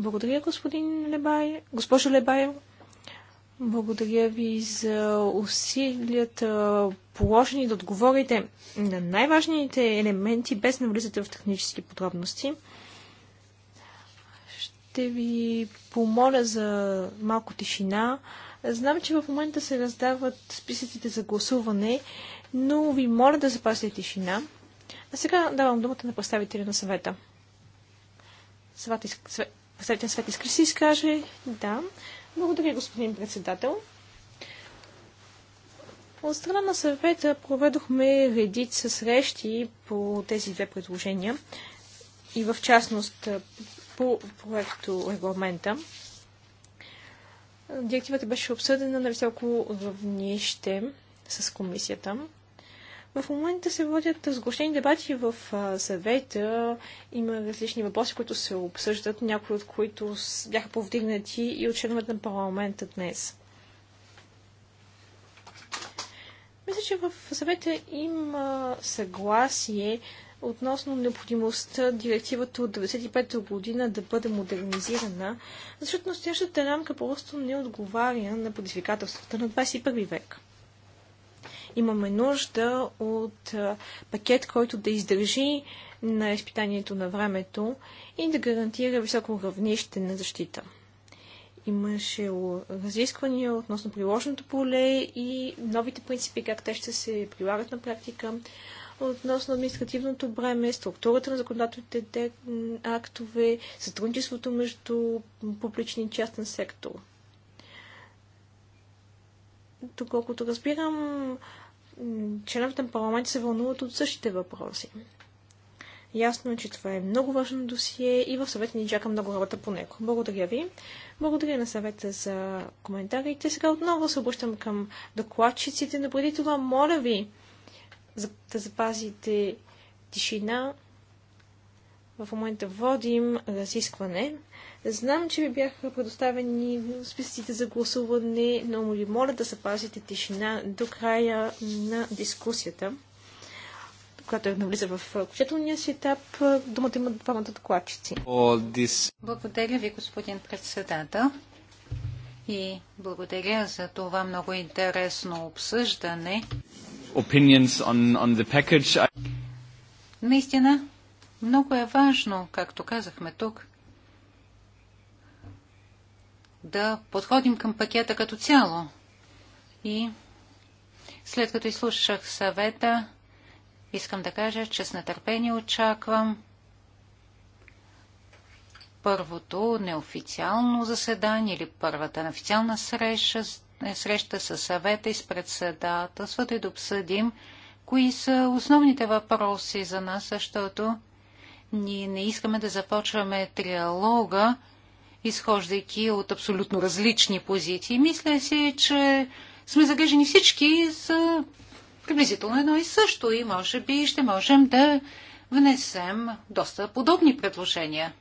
Благодаря, господин Лебай. Госпожо Лебай, благодаря ви за усилията положени да отговорите на най-важните елементи, без да влизате в технически подробности. Ще ви помоля за малко тишина. Знам, че в момента се раздават списъците за гласуване, но ви моля да запазите тишина. А сега давам думата на представителя на съвета. Съвета, Представител Свет иска да се изкаже? Да. Благодаря, господин председател. От страна на съвета проведохме редица срещи по тези две предложения и в частност по проекто регламента. Директивата беше обсъдена на високо равнище с комисията. В момента се водят сгощени дебати в съвета. Има различни въпроси, които се обсъждат, някои от които бяха повдигнати и от членовете на парламента днес. Мисля, че в съвета има съгласие относно необходимостта директивата от 95-та година да бъде модернизирана, защото настоящата рамка просто не отговаря на предизвикателствата на 21 век. Имаме нужда от пакет, който да издържи на изпитанието на времето и да гарантира високо равнище на защита. Имаше разисквания относно приложното поле и новите принципи, как те ще се прилагат на практика, относно административното бреме, структурата на законодателните актове, сътрудничеството между публичен и частен сектор. Доколкото разбирам, членовете на парламента се вълнуват от същите въпроси. Ясно е, че това е много важно досие и в съвета ни чака много работа по него. Благодаря ви. Благодаря на съвета за коментарите. Сега отново се обръщам към докладчиците. Но преди това, моля ви да запазите тишина. В момента водим разискване. Знам, че ви бяха предоставени списъците за гласуване, но ви моля да запазите тишина до края на дискусията, която е навлиза в окончателния си етап. Думата имат двамата докладчици. This... Благодаря ви, господин председател. И благодаря за това много интересно обсъждане. Opinions on, on the package. Наистина, много е важно, както казахме тук, да подходим към пакета като цяло. И след като изслушах съвета, искам да кажа, че с нетърпение очаквам първото неофициално заседание или първата неофициална среща, е, среща с съвета и с председателството и да обсъдим кои са основните въпроси за нас, защото ние не искаме да започваме триалога изхождайки от абсолютно различни позиции. Мисля си, че сме загрижени всички за приблизително едно и също и може би ще можем да внесем доста подобни предложения.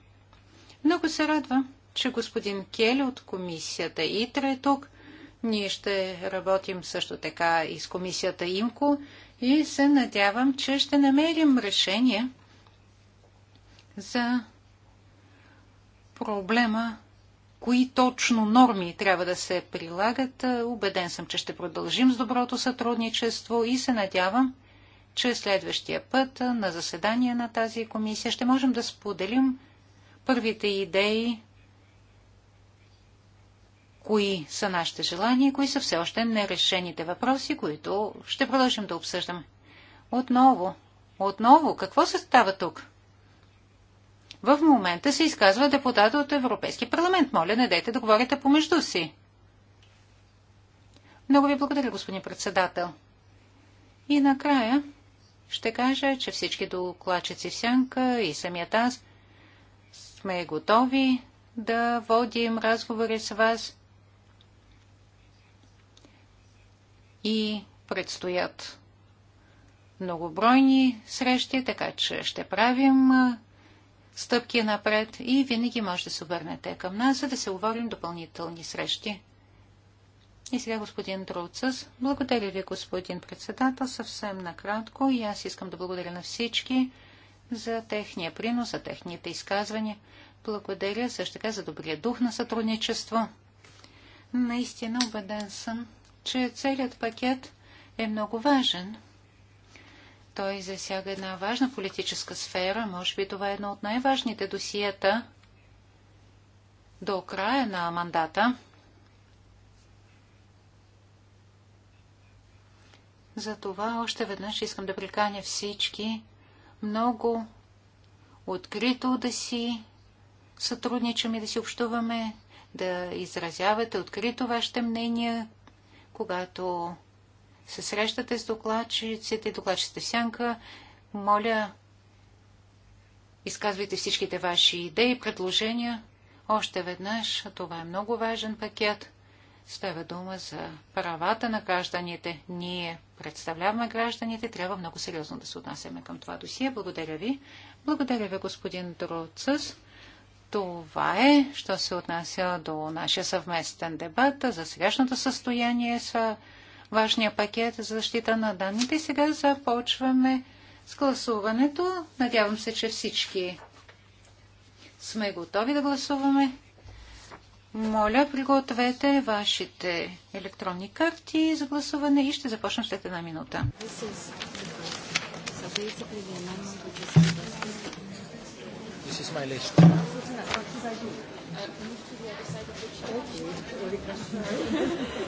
Много се радва, че господин Кели от комисията ИТР е тук. Ние ще работим също така и с комисията ИМКО и се надявам, че ще намерим решение за проблема кои точно норми трябва да се прилагат. Е, убеден съм, че ще продължим с доброто сътрудничество и се надявам, че следващия път е, на заседание на тази комисия ще можем да споделим първите идеи, кои са нашите желания, кои са все още нерешените въпроси, които ще продължим да обсъждаме. Отново, отново, какво се става тук? В момента се изказва депутат от Европейски парламент. Моля, не дайте да говорите помежду си. Много ви благодаря, господин председател. И накрая ще кажа, че всички докладчици в Сянка и самият аз сме готови да водим разговори с вас и предстоят многобройни срещи, така че ще правим стъпки е напред и винаги може да се обърнете към нас, за да се уволим допълнителни срещи. И сега господин Друцъс. Благодаря ви, господин председател. Съвсем накратко и аз искам да благодаря на всички за техния принос, за техните изказвания. Благодаря също така за добрия дух на сътрудничество. Наистина убеден съм, че целият пакет е много важен – той засяга една важна политическа сфера. Може би това е едно от най-важните досиета до края на мандата. Затова още веднъж искам да приканя всички много открито да си сътрудничаме да си общуваме, да изразявате открито вашите мнения, когато се срещате с докладчиците, докладчиците в сянка. Моля, изказвайте всичките ваши идеи и предложения. Още веднъж, това е много важен пакет. Става дума за правата на гражданите. Ние представляваме гражданите, трябва много сериозно да се отнасяме към това досие. Благодаря ви. Благодаря ви, господин Троцъс. Това е, що се отнася до нашия съвместен дебат за сегашното състояние с важния пакет за защита на данните. Сега започваме с гласуването. Надявам се, че всички сме готови да гласуваме. Моля, пригответе вашите електронни карти за гласуване и ще започнем след една минута. This is my list.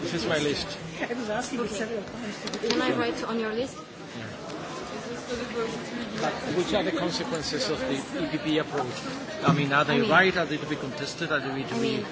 This is my list. I was asking several times. Can I write on your list? Which are the consequences of the EPP approach? I mean, are they I mean, right? Are they to be contested? Are they to be?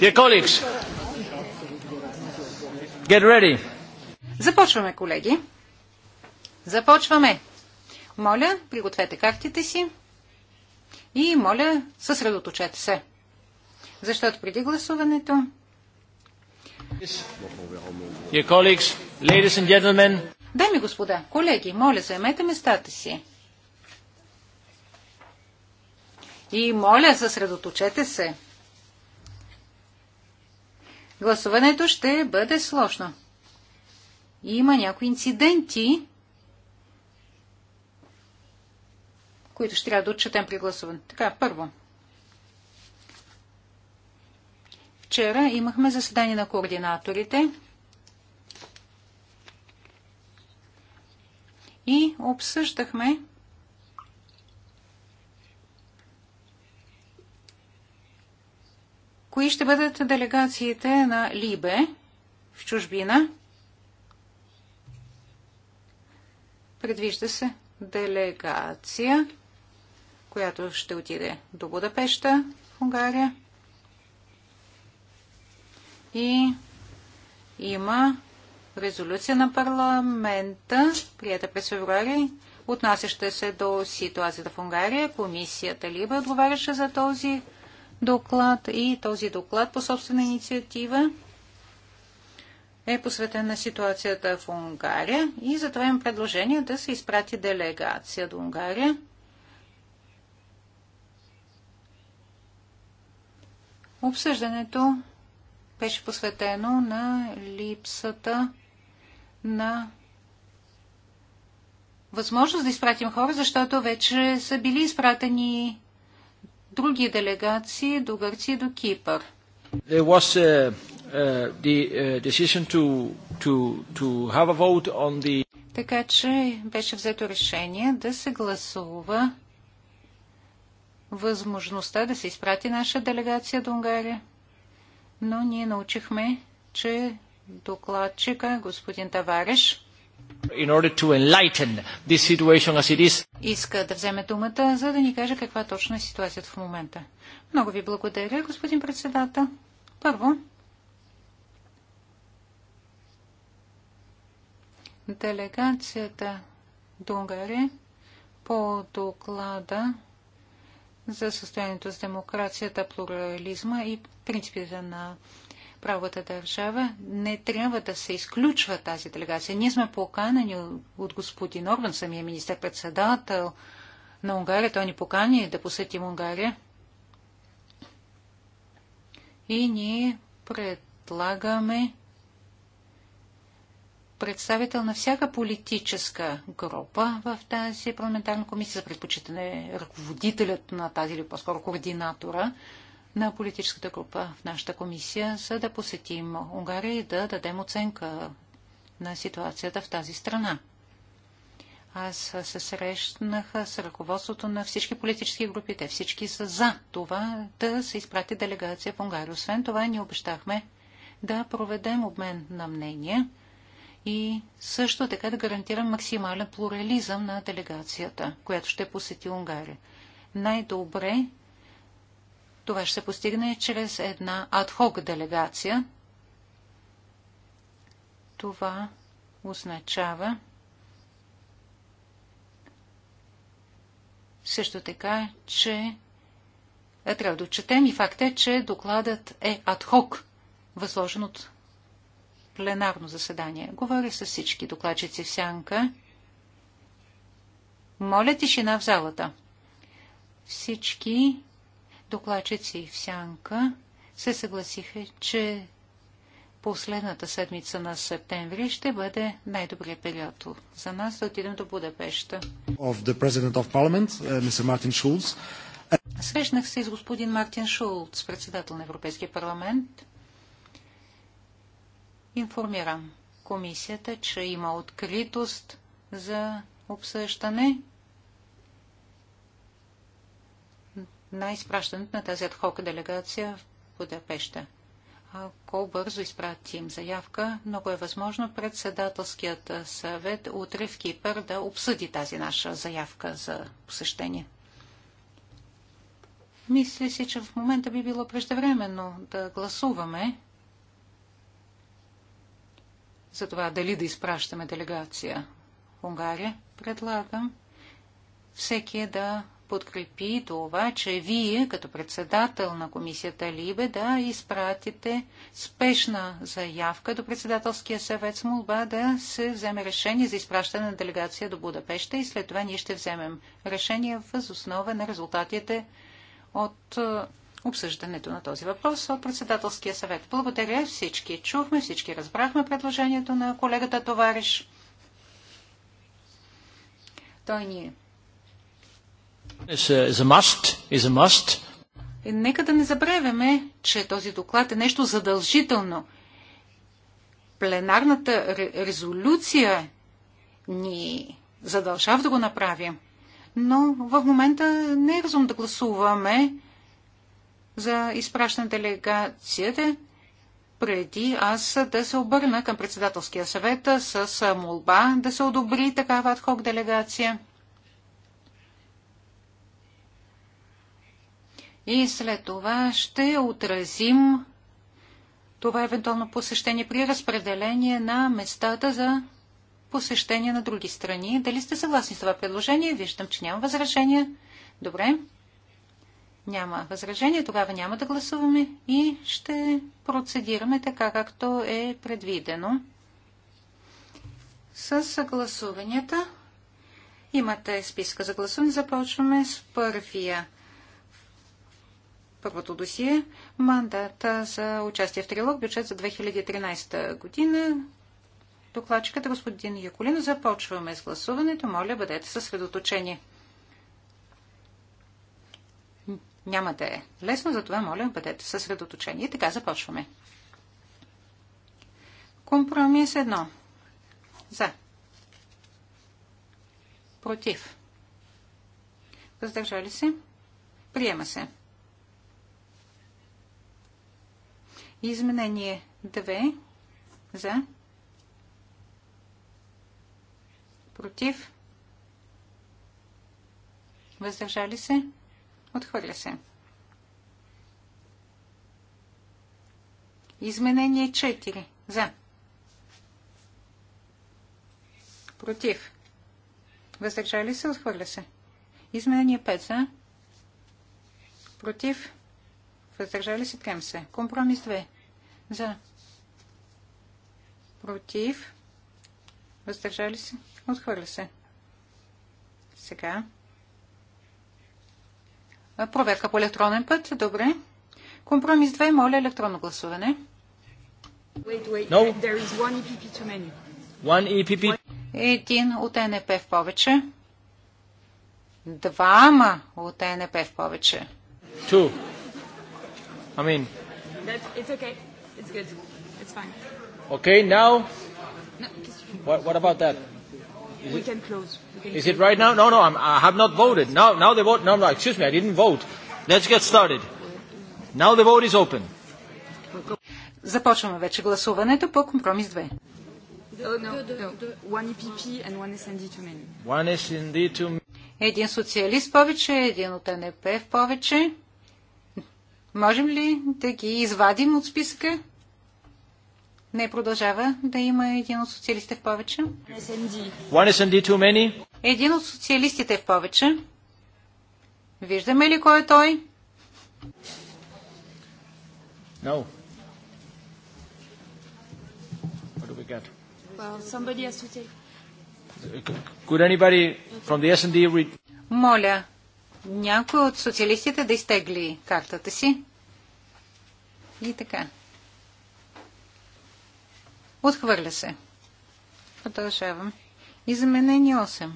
Dear colleagues, get ready. Започваме, колеги. Започваме. Моля, пригответе картите си и моля, съсредоточете се. Защото преди гласуването... Дами господа, колеги, моля, заемете местата си. И моля, съсредоточете се. Гласуването ще бъде сложно. Има някои инциденти, които ще трябва да отчетем при гласуване. Така, първо. Вчера имахме заседание на координаторите и обсъждахме Кои ще бъдат делегациите на Либе в чужбина? Предвижда се делегация, която ще отиде до Будапешта в Унгария. И има резолюция на парламента, прията през февруари, отнасяща се до ситуацията в Унгария. Комисията Либе отговаряше за този доклад и този доклад по собствена инициатива е посветен на ситуацията в Унгария и затова имам предложение да се изпрати делегация до Унгария. Обсъждането беше посветено на липсата на възможност да изпратим хора, защото вече са били изпратени други делегации до Гърция и до Кипър. There was uh, uh, the uh, decision to, to, to have a vote on the... Така че беше взето решение да се гласува възможността да се изпрати наша делегация до Унгария. Но ние научихме, че докладчика, господин Тавареш, In order to enlighten this situation as it is. Иска да вземе думата, за да ни каже каква точно е ситуацията в момента. Много ви благодаря, господин председател. Първо, делегацията до Унгария по доклада за състоянието с демокрацията, плурализма и принципите на правата държава, не трябва да се изключва тази делегация. Ние сме поканени от господин Орбан, самия министър-председател на Унгария. Той ни покани да посетим Унгария. И ние предлагаме представител на всяка политическа група в тази парламентарна комисия, за предпочитане ръководителят на тази или по-скоро координатора на политическата група в нашата комисия, за да посетим Унгария и да дадем оценка на ситуацията в тази страна. Аз се срещнах с ръководството на всички политически групи. Те всички са за това да се изпрати делегация в Унгария. Освен това, ни обещахме да проведем обмен на мнения и също така да гарантирам максимален плурализъм на делегацията, която ще посети Унгария. Най-добре това ще се постигне чрез една адхок делегация. Това означава също така, че е, трябва да отчетем и факта, е, че докладът е адхок, възложен от пленарно заседание. Говоря с всички докладчици в сянка. Моля тишина в залата. Всички докладчици в Сянка се съгласиха, че последната седмица на септември ще бъде най-добрият период за нас да отидем до Будапешта. Uh, Срещнах се с господин Мартин Шулц, председател на Европейския парламент. Информирам комисията, че има откритост за обсъждане на изпращането на тази адхок делегация в Будапеща. Ако бързо изпратим заявка, много е възможно председателският съвет утре в Кипър да обсъди тази наша заявка за посещение. Мисля си, че в момента би било преждевременно да гласуваме за това дали да изпращаме делегация в Унгария. Предлагам всеки е да подкрепи това, че вие, като председател на комисията Либе, да изпратите спешна заявка до председателския съвет с молба да се вземе решение за изпращане на делегация до Будапеща и след това ние ще вземем решение въз основа на резултатите от е, обсъждането на този въпрос от председателския съвет. Благодаря всички. Чухме, всички разбрахме предложението на колегата Товариш. Той ни е. Uh, е, нека да не забравяме, че този доклад е нещо задължително. Пленарната резолюция ни задължава да го направим. Но в момента не е разум да гласуваме за изпращане делегацията преди аз да се обърна към председателския съвет с молба да се одобри такава адхок делегация. и след това ще отразим това евентуално посещение при разпределение на местата за посещение на други страни. Дали сте съгласни с това предложение? Виждам, че няма възражения. Добре. Няма възражение, тогава няма да гласуваме и ще процедираме така, както е предвидено. С съгласуванията имате списка за гласуване. Започваме с първия първото досие, мандата за участие в трилог, бюджет за 2013 година. Докладчиката господин Яколин. Започваме с гласуването. Моля, бъдете съсредоточени. Няма да е лесно, затова моля, бъдете съсредоточени. И така започваме. Компромис едно. За. Против. Въздържали се. Приема се. Изменение 2 за. Против. Въздържали се. Отхвърля се. Изменение 4 за. Против. Въздържали се. Отхвърля се. Изменение 5 за. Против. Въздържали се. Прием се. Компромис 2 за. Против. Въздържали се. Отхвърля се. Сега. Проверка по електронен път. Добре. Компромис 2. Моля електронно гласуване. Wait, wait. No. There is one EPP too many. One EPP. Един от НП в повече. Двама от НП в повече. Two. I mean. That's, it's okay. It's good. It's fine. Okay, now? No, what, what about that? Is we it, can close. We can is close. it right now? No, no, I'm, I have not voted. Now, now the vote. No, no, excuse me, I didn't vote. Let's get started. Now the vote is open. Започваме вече гласуването по компромис 2. Един социалист повече, един от НП в повече. Можем ли да ги извадим от списъка? Не продължава да има един от социалистите в повече. One too many. Един от социалистите в повече. Виждаме ли кой е той? No. What do we got? Well, somebody has to take. Could anybody from the S&D read? Моля, някой от социалистите да изтегли картата си. И така. Отхвърля се. Продължавам. Изменение 8.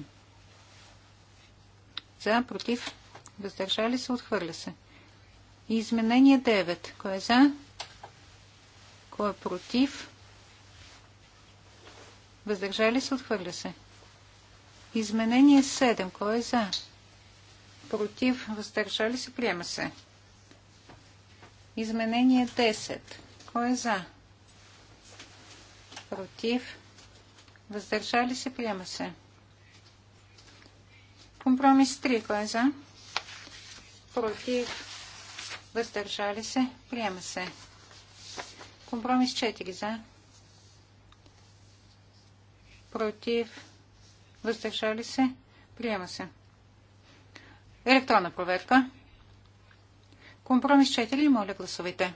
За, против, въздържали се, отхвърля се. Изменение 9. Кой е за? Кой е против? Въздържали се, отхвърля се. Изменение 7. Кой е за? против, въздържали се, приема се. Изменение 10. Кой е за? Против, въздържали се, приема се. Компромис 3. Кой е за? Против, въздържали се, приема се. Компромис 4 за. Против. Въздържали се. Приема се. Електронна проверка. Компромис 4. Моля, гласувайте.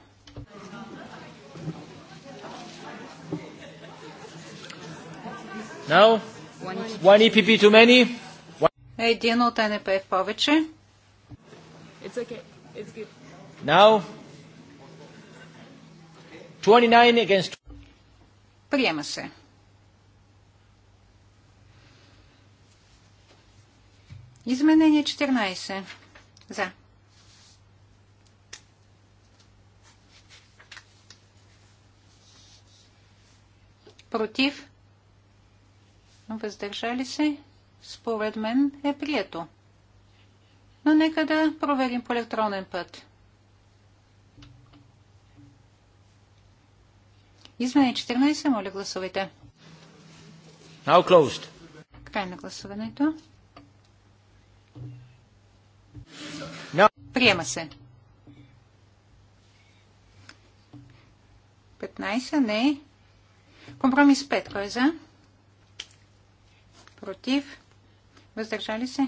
No? One EPP too many? One... Един от НП е повече. It's okay. It's good. Now? 29 against... Приема се. Изменение 14. За. Против. Въздържали се. Според мен е прието. Но нека да проверим по електронен път. Измене 14. Моля гласувайте. Now closed. Край на гласуването. Приема се. 15, не. Компромис 5, кой е за? Против. Въздържали се?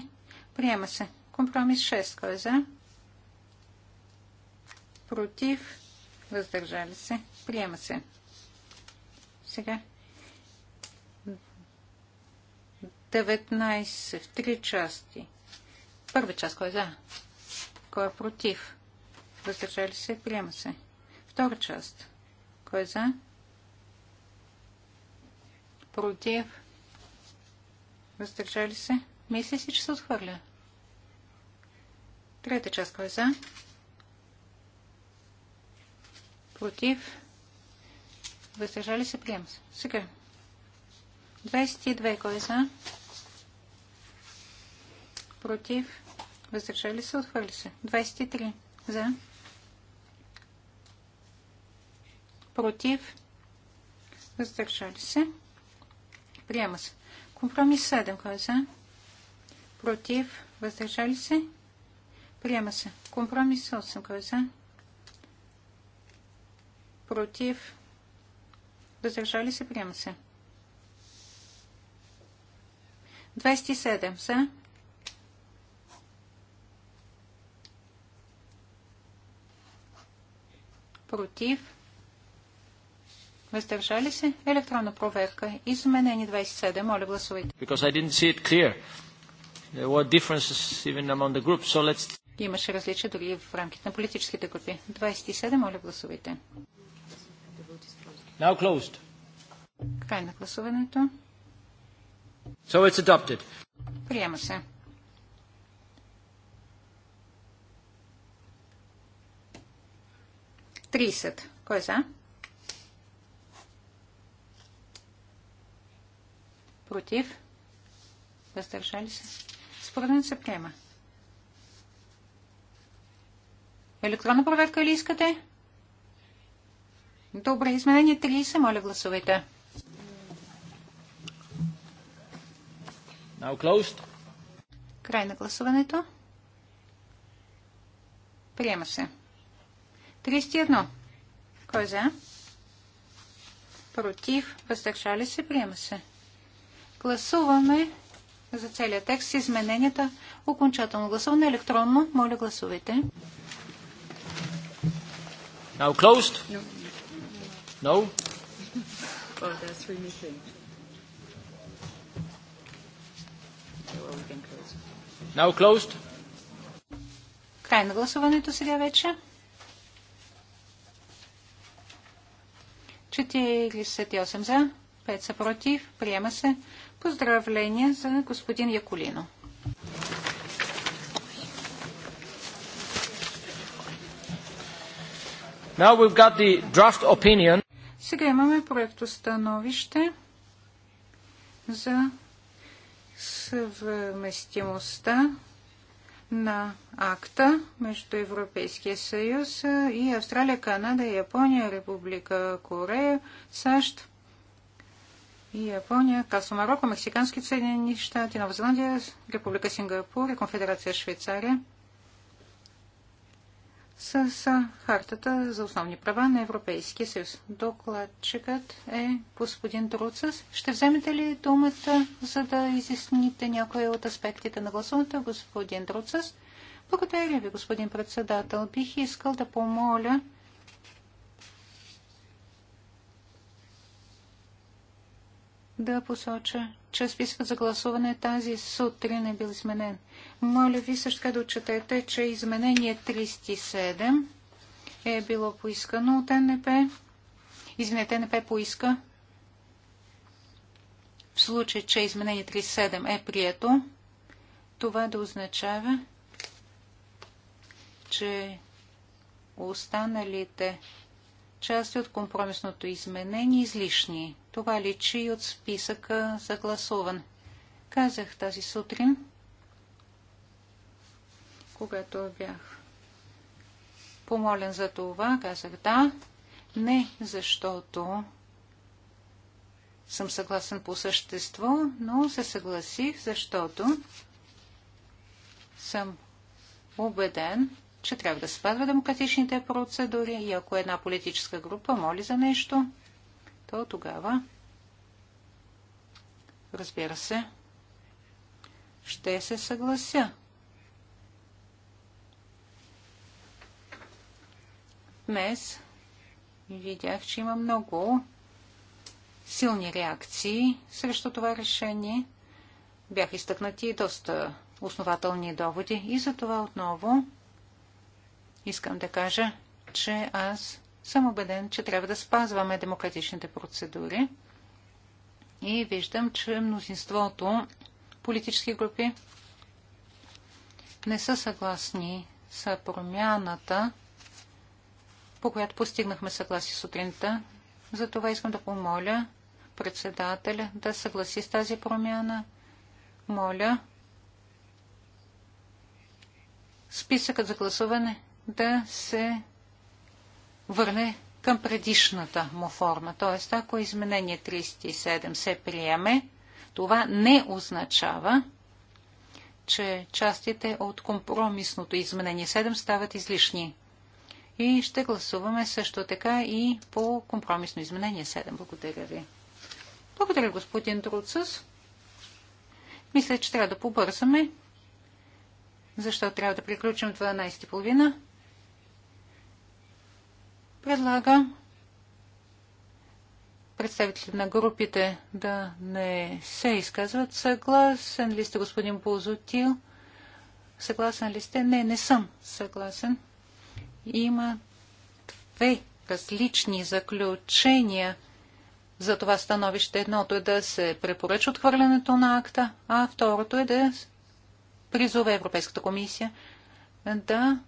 Приема се. Компромис 6, кой е за? Против. Въздържали се? Приема се. Сега. 19 в 3 части. Първа част, кой е за? Кой е против? Въздържали се, приема се. Втора част, кой е за? Против? Въздържали се? Мисля си, че се отхвърля. Трета част, кой е за? Против? Въздържали се, приема се. Сега. 22, кой е за? Против? Въздържали се, отхвърли се. 23 за. Против. Въздържали се. Приема се. Компромис 7. Кой е за? Против. Въздържали се. Приема се. Компромис 8. Кой е за? Против. Въздържали се. Приема се. 27 за. против, въздържали се, електронна проверка. Изменени 27, моля гласувайте. Because I didn't see it clear. There were differences even among the groups, so let's... Имаше различия дори в рамките на политическите групи. 27, моля гласувайте. Now closed. Край на гласуването. So it's adopted. Приема се. 30. Кой е за? Против? Въздържали се? Според мен се приема. Електронна проверка ли искате? Добре, изменение 30, моля гласовете. Now closed. Край на гласуването. Приема се. 31. Кой е за? Против. Въздържали се. Приема се. Гласуваме за целият текст с измененията. Окончателно гласуване електронно. Моля, гласувайте. Now closed? No. No? Oh, well, Now closed? Край на гласуването сега вече. 48 за, 5 са против. Приема се. Поздравления за господин Яколино. Now we've got the draft opinion. Сега имаме становище за съвместимостта на акта между Европейския съюз и Австралия, Канада, Япония, Република Корея, САЩ, и Япония, Касо Марокко, Мексиканските Съединени щати, Нова Зеландия, Република Сингапур и Конфедерация Швейцария – с Хартата за основни права на Европейския съюз. Докладчикът е господин Труцас. Ще вземете ли думата, за да изясните някои от аспектите на гласуването, господин Труцас? Благодаря ви, господин председател. Бих искал да помоля да посоча че списъкът за гласуване е тази сутрин е бил изменен. Моля ви също така да отчетете, че изменение 37 е било поискано от НП. Извинете, НП поиска. В случай, че изменение 37 е прието, това да означава, че останалите части от компромисното изменение излишни. Това личи и от списъка за гласуван. Казах тази сутрин, когато бях помолен за това, казах да, не защото съм съгласен по същество, но се съгласих, защото съм убеден, че трябва да спазва демократичните процедури и ако една политическа група моли за нещо, то тогава, разбира се, ще се съглася. Днес видях, че има много силни реакции срещу това решение. Бяха изтъкнати доста основателни доводи и за това отново искам да кажа, че аз съм убеден, че трябва да спазваме демократичните процедури и виждам, че мнозинството политически групи не са съгласни с промяната, по която постигнахме съгласи сутринта. Затова искам да помоля председателя да съгласи с тази промяна. Моля списъкът за гласуване да се върне към предишната му форма. Т.е. ако изменение 37 се приеме, това не означава, че частите от компромисното изменение 7 стават излишни. И ще гласуваме също така и по компромисно изменение 7. Благодаря ви. Благодаря, господин Друцъс. Мисля, че трябва да побързаме, защото трябва да приключим в 12.30. Предлага представители на групите да не се изказват. Съгласен ли сте, господин Бозотил? Съгласен ли сте? Не, не съм съгласен. Има две различни заключения за това становище. Едното е да се препоръча отхвърлянето на акта, а второто е да призове Европейската комисия да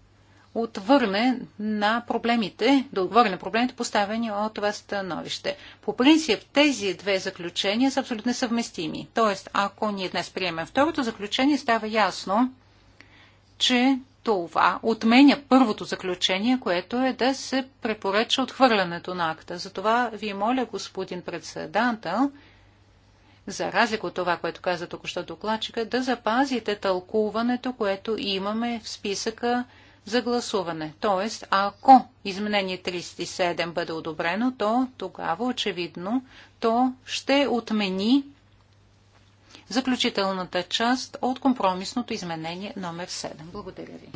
отвърне на проблемите, да отговори на проблемите, поставени от това становище. По принцип, тези две заключения са абсолютно съвместими. Тоест, ако ние днес приемем второто заключение, става ясно, че това отменя първото заключение, което е да се препоръча отхвърлянето на акта. Затова ви моля, господин председател, за разлика от това, което каза току-що докладчика, да запазите тълкуването, което имаме в списъка за гласуване. Тоест, ако изменение 37 бъде одобрено, то тогава очевидно то ще отмени заключителната част от компромисното изменение номер 7. Благодаря ви.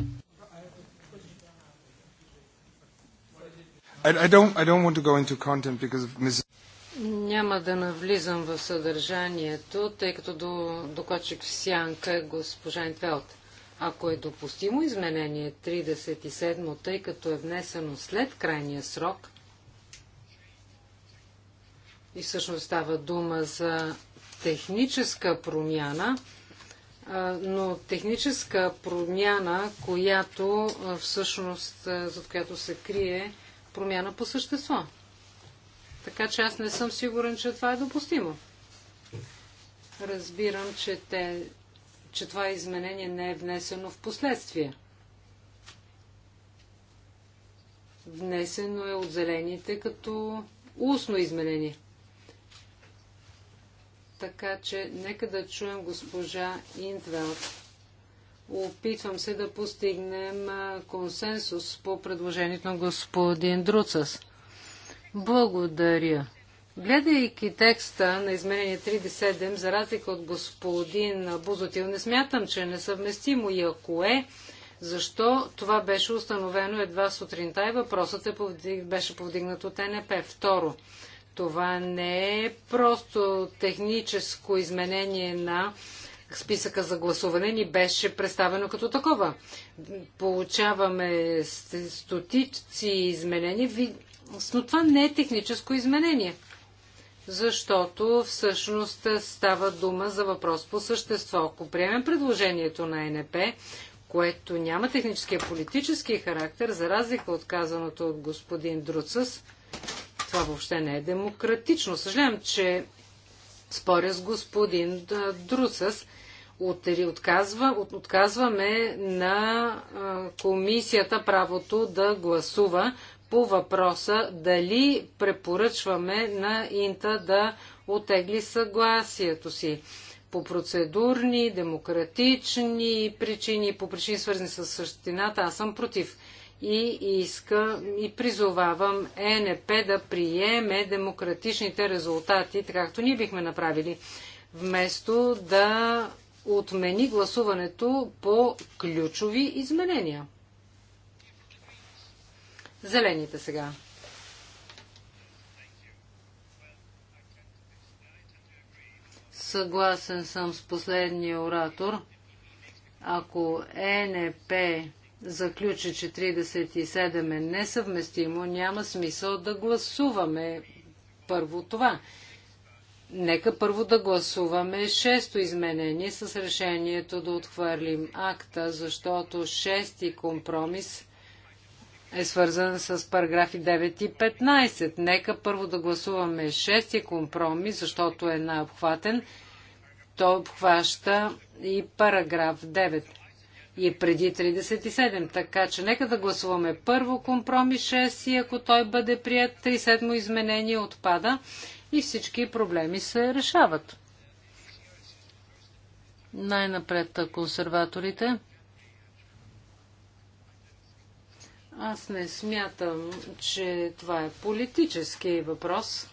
I don't, I don't want to go into content because of Няма да навлизам в съдържанието, тъй като до, в сянка е госпожа Интвелта. Ако е допустимо изменение 37, тъй като е внесено след крайния срок, и всъщност става дума за техническа промяна, но техническа промяна, която всъщност, за която се крие промяна по същество. Така че аз не съм сигурен, че това е допустимо. Разбирам, че те че това изменение не е внесено в последствие. Внесено е от зелените като устно изменение. Така че нека да чуем госпожа Интвелт. Опитвам се да постигнем консенсус по предложението на господин Друцас. Благодаря. Гледайки текста на изменение 37, за разлика от господин Бузотил, не смятам, че е несъвместимо и ако е, защо това беше установено едва сутринта и въпросът е повдиг... беше повдигнат от НП. Второ, това не е просто техническо изменение на списъка за гласуване ни беше представено като такова. Получаваме стотици изменения, но това не е техническо изменение защото всъщност става дума за въпрос по същество. Ако приемем предложението на НП, което няма техническия политически характер, за разлика от казаното от господин Друцъс, това въобще не е демократично. Съжалявам, че споря с господин Друцъс, От, е, отказва, от, отказваме на а, комисията правото да гласува по въпроса дали препоръчваме на Инта да отегли съгласието си по процедурни, демократични причини, по причини свързани с същината, аз съм против. И иска и призовавам ЕНП да приеме демократичните резултати, така както ние бихме направили, вместо да отмени гласуването по ключови изменения. Зелените сега. Съгласен съм с последния оратор. Ако ЕНП заключи, че 37 е несъвместимо, няма смисъл да гласуваме първо това. Нека първо да гласуваме шесто изменение с решението да отхвърлим акта, защото шести компромис е свързан с параграфи 9 и 15. Нека първо да гласуваме 6 компромис, защото е наобхватен. то обхваща и параграф 9 и е преди 37. Така че нека да гласуваме първо компромис 6 и ако той бъде прият, 37 изменение отпада и всички проблеми се решават. Най-напред консерваторите. Аз не смятам, че това е политически въпрос.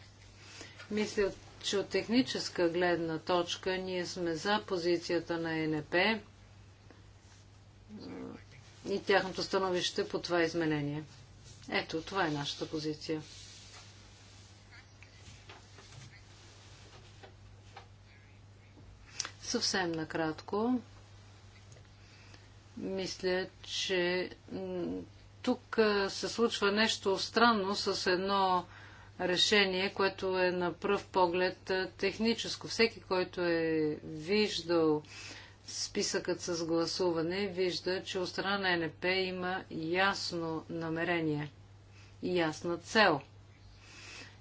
Мисля, че от техническа гледна точка ние сме за позицията на ЕНП е, и тяхното становище по това изменение. Ето, това е нашата позиция. Съвсем накратко, мисля, че тук се случва нещо странно с едно решение, което е на пръв поглед техническо. Всеки, който е виждал списъкът с гласуване, вижда, че от страна на НП има ясно намерение и ясна цел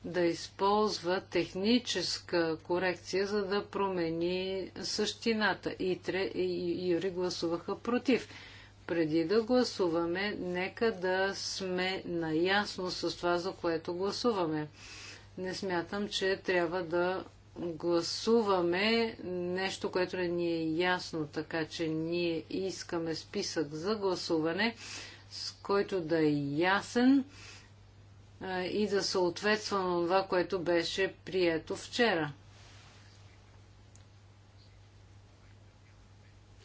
да използва техническа корекция, за да промени същината. Итре и Юри гласуваха против преди да гласуваме, нека да сме наясно с това, за което гласуваме. Не смятам, че трябва да гласуваме нещо, което не ни е ясно, така че ние искаме списък за гласуване, с който да е ясен и да съответства на това, което беше прието вчера.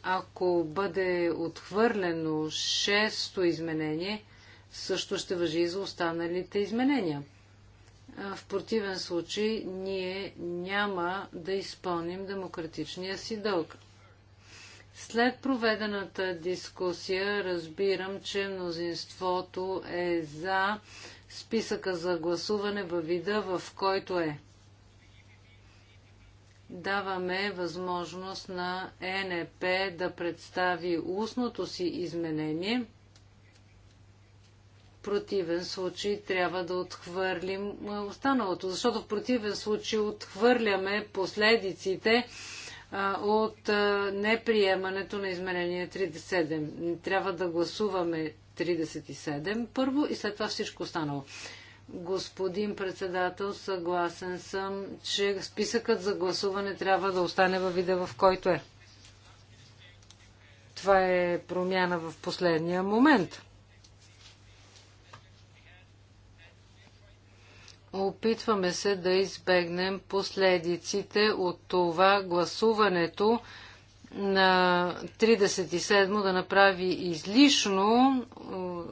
Ако бъде отхвърлено шесто изменение, също ще въжи и за останалите изменения. В противен случай ние няма да изпълним демократичния си дълг. След проведената дискусия разбирам, че мнозинството е за списъка за гласуване във вида, в който е даваме възможност на е НП да представи устното си изменение. В противен случай трябва да отхвърлим останалото, защото в противен случай отхвърляме последиците от неприемането на изменение 37. Трябва да гласуваме 37 първо и след това всичко останало. Господин председател, съгласен съм, че списъкът за гласуване трябва да остане във вида, в който е. Това е промяна в последния момент. Опитваме се да избегнем последиците от това гласуването на 37 да направи излишно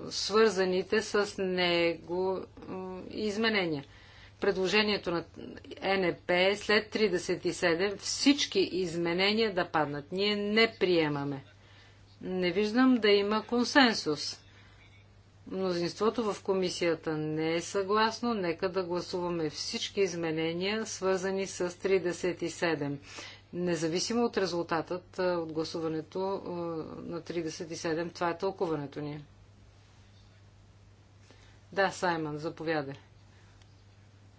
свързаните с него изменения. Предложението на НП е след 37 всички изменения да паднат. Ние не приемаме. Не виждам да има консенсус. Мнозинството в комисията не е съгласно. Нека да гласуваме всички изменения, свързани с 37 независимо от резултатът от гласуването на 37. Това е тълкуването ни. Да, Саймън, заповядай.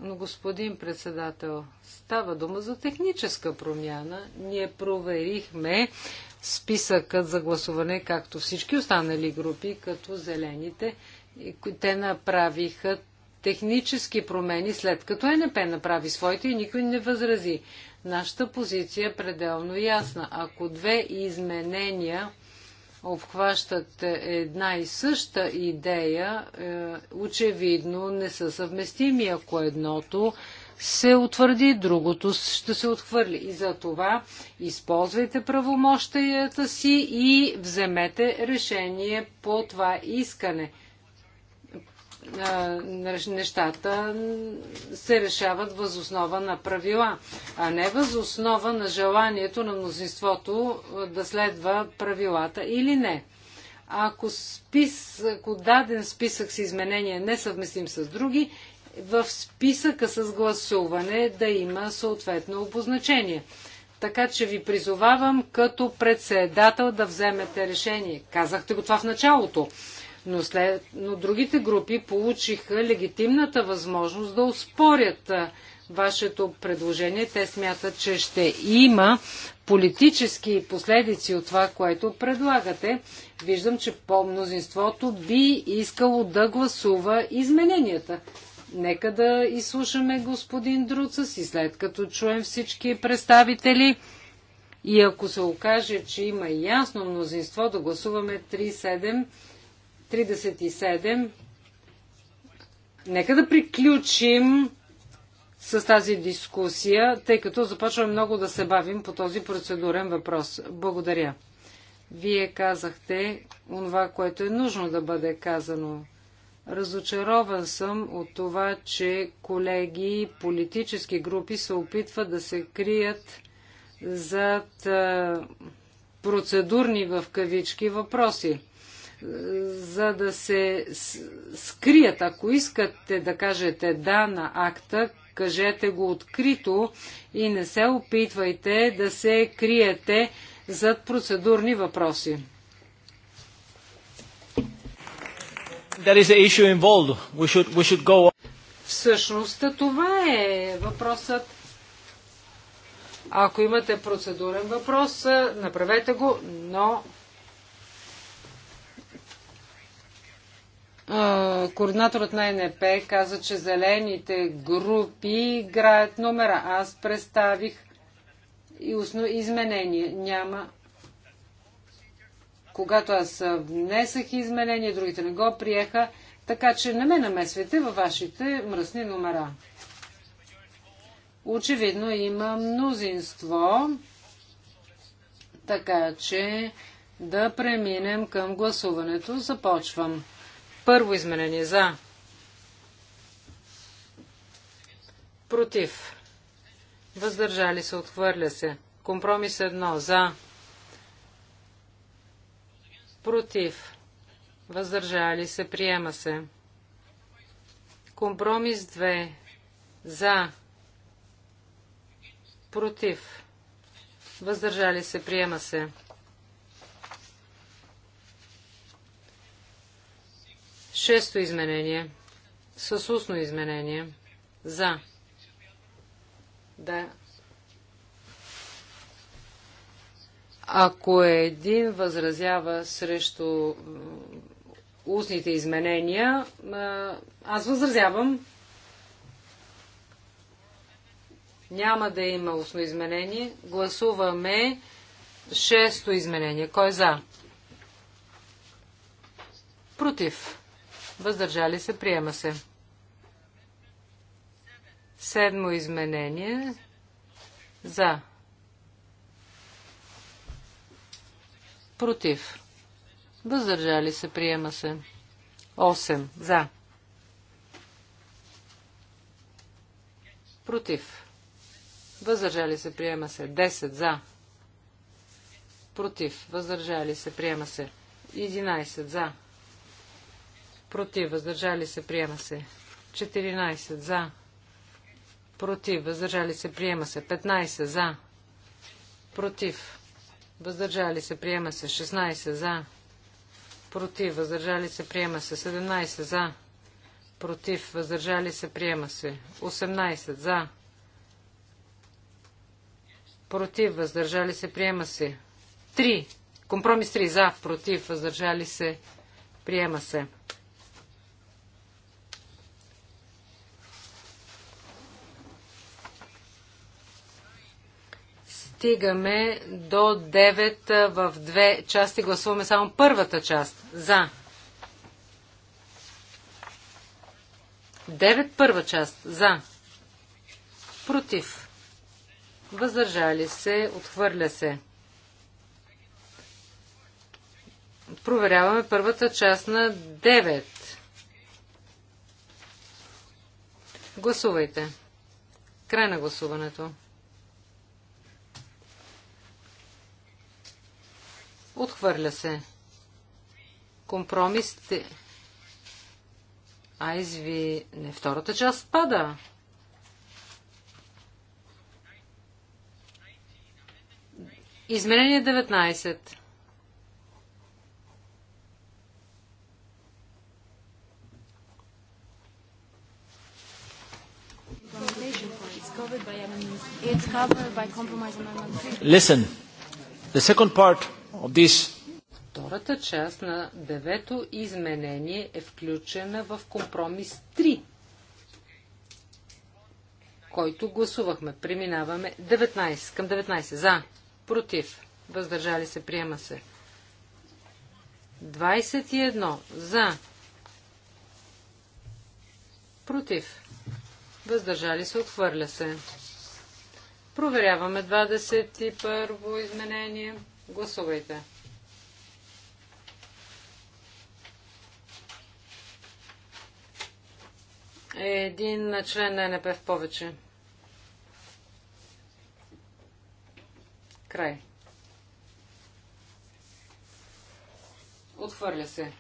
Но, господин председател, става дума за техническа промяна. Ние проверихме списъкът за гласуване, както всички останали групи, като зелените. Те направиха технически промени, след като ЕНП направи своите и никой не възрази. Нашата позиция е пределно ясна. Ако две изменения обхващат една и съща идея, е, очевидно не са съвместими. Ако едното се утвърди, другото ще се отхвърли. И за това използвайте правомощията си и вземете решение по това искане – нещата се решават възоснова на правила, а не възоснова на желанието на мнозинството да следва правилата или не. Ако, спис, ако даден списък с изменения е не съвместим с други, в списъка с гласуване да има съответно обозначение. Така че ви призовавам като председател да вземете решение. Казахте го това в началото. Но, след... Но другите групи получиха легитимната възможност да успорят вашето предложение. Те смятат, че ще има политически последици от това, което предлагате. Виждам, че по-мнозинството би искало да гласува измененията. Нека да изслушаме господин Друцас и след като чуем всички представители и ако се окаже, че има ясно мнозинство да гласуваме 3 37. Нека да приключим с тази дискусия, тъй като започваме много да се бавим по този процедурен въпрос. Благодаря. Вие казахте това, което е нужно да бъде казано. Разочарован съм от това, че колеги и политически групи се опитват да се крият зад процедурни в кавички въпроси за да се скрият. Ако искате да кажете да на акта, кажете го открито и не се опитвайте да се криете зад процедурни въпроси. We should, we should Всъщност това е въпросът. Ако имате процедурен въпрос, направете го, но координаторът на НП каза, че зелените групи играят номера. Аз представих и основ... изменение. Няма. Когато аз внесах изменение, другите не го приеха, така че не ме намесвайте във вашите мръсни номера. Очевидно има мнозинство, така че да преминем към гласуването. Започвам. Първо изменение за. Против. Въздържали се. Отхвърля се. Компромис 1. За. Против. Въздържали се. Приема се. Компромис 2. За. Против. Въздържали се. Приема се. Шесто изменение. С устно изменение. За. Да. Ако един възразява срещу устните изменения, аз възразявам. Няма да има устно изменение. Гласуваме шесто изменение. Кой е за? Против. Въздържали се. Приема се. Седмо изменение. За. Против. Въздържали се. Приема се. 8. За. Против. Въздържали се. Приема се. 10. За. Против. Въздържали се. Приема се. 11. За. Против. Въздържали се. Приема се. 14. За. Против. Въздържали се. Приема се. 15. За. Против. Въздържали се. Приема се. 16. За. Против. Въздържали се. Приема се. 17. За. Против. Въздържали се. Приема се. 18. За. Против. Въздържали се. Приема се. 3. Компромис 3. За. Против. Въздържали се. Приема се. стигаме до 9 в две части. Гласуваме само първата част. За. 9 първа част. За. Против. Въздържали се. Отхвърля се. Проверяваме първата част на 9. Гласувайте. Край на гласуването. Отхвърля се. Компромис. А, изви... Не, втората част пада. Изменение 19. Listen, the second part this... Втората част на девето изменение е включена в компромис 3, който гласувахме. Преминаваме 19 към 19. За, против, въздържали се, приема се. 21 за, против, въздържали се, отхвърля се. Проверяваме 21 изменение. Гласувайте. Е, един член на НП в повече. Край. Отхвърля се.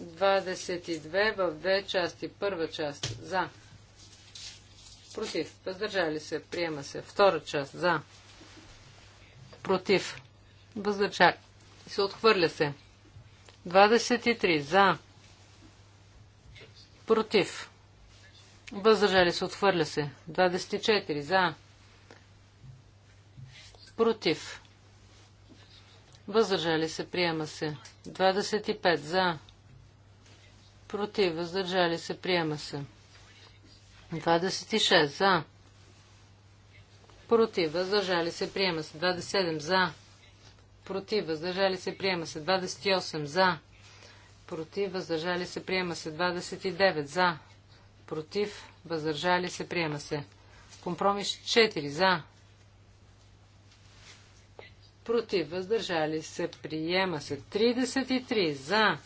22 в две части. Първа част. За. Против. Въздържали се. Приема се. Втора част. За против, И се, отхвърля се. 23 за, против, въздържали се, отхвърля се. 24 за, против, въздържали се, приема се. 25 за, против, въздържали се, приема се. 26 за, против, въздържали се, приема се 27 за, против, въздържали се, приема се 28 за, против, въздържали се, приема се 29 за, против, въздържали се, приема се. Компромис 4 за, против, въздържали се, приема се 33 за,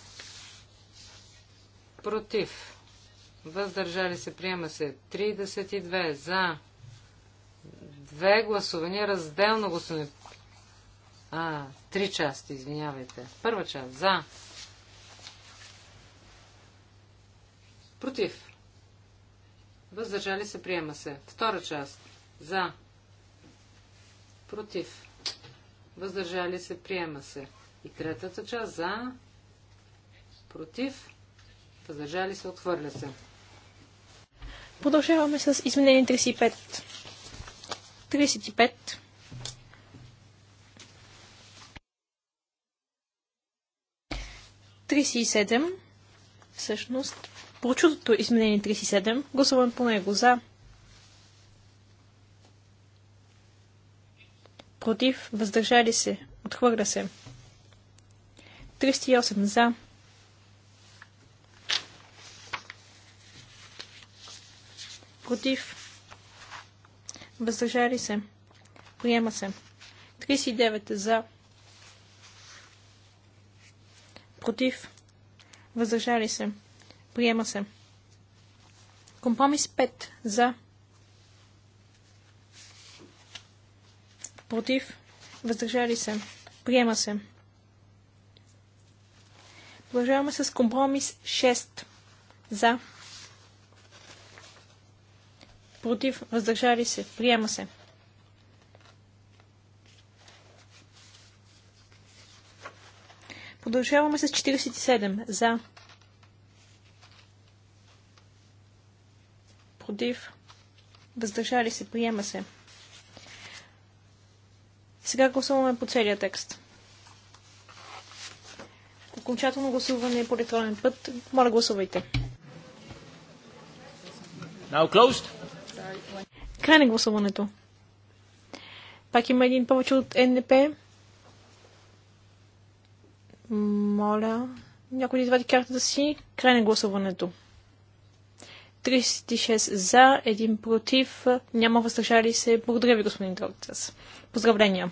против, въздържали се, приема се 32 за, две гласувания разделно гласуване. А, три части, извинявайте. Първа част за. Против. Въздържали се, приема се. Втора част. За. Против. Въздържали се, приема се. И третата част. За. Против. Въздържали се, отхвърля се. Продължаваме с изменение 35. 35. Всъщност, прочутото изменение 37. Гласувам по него за. Против. Въздържали се. Отхвърля се. 38 за. Против. Въздържали се. Приема се. 39 за. Против. Въздържали се. Приема се. Компромис 5 за. Против. Въздържали се. Приема се. Продължаваме с компромис 6 за против, въздържали се, приема се. Продължаваме с 47. За. Против. Въздържали се. Приема се. Сега гласуваме по целия текст. Окончателно гласуване по електронен път. Моля, гласувайте. Now closed. Край на гласуването. Пак има един повече от НДП. Моля, някой да извади картата си. Край на гласуването. 36 за, 1 против, няма въздържали се. Благодаря ви, господин Дроктас. Поздравления!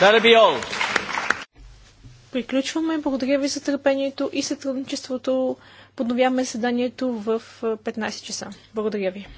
That'll be all приключваме. Благодаря ви за търпението и сътрудничеството. Подновяваме заседанието в 15 часа. Благодаря ви.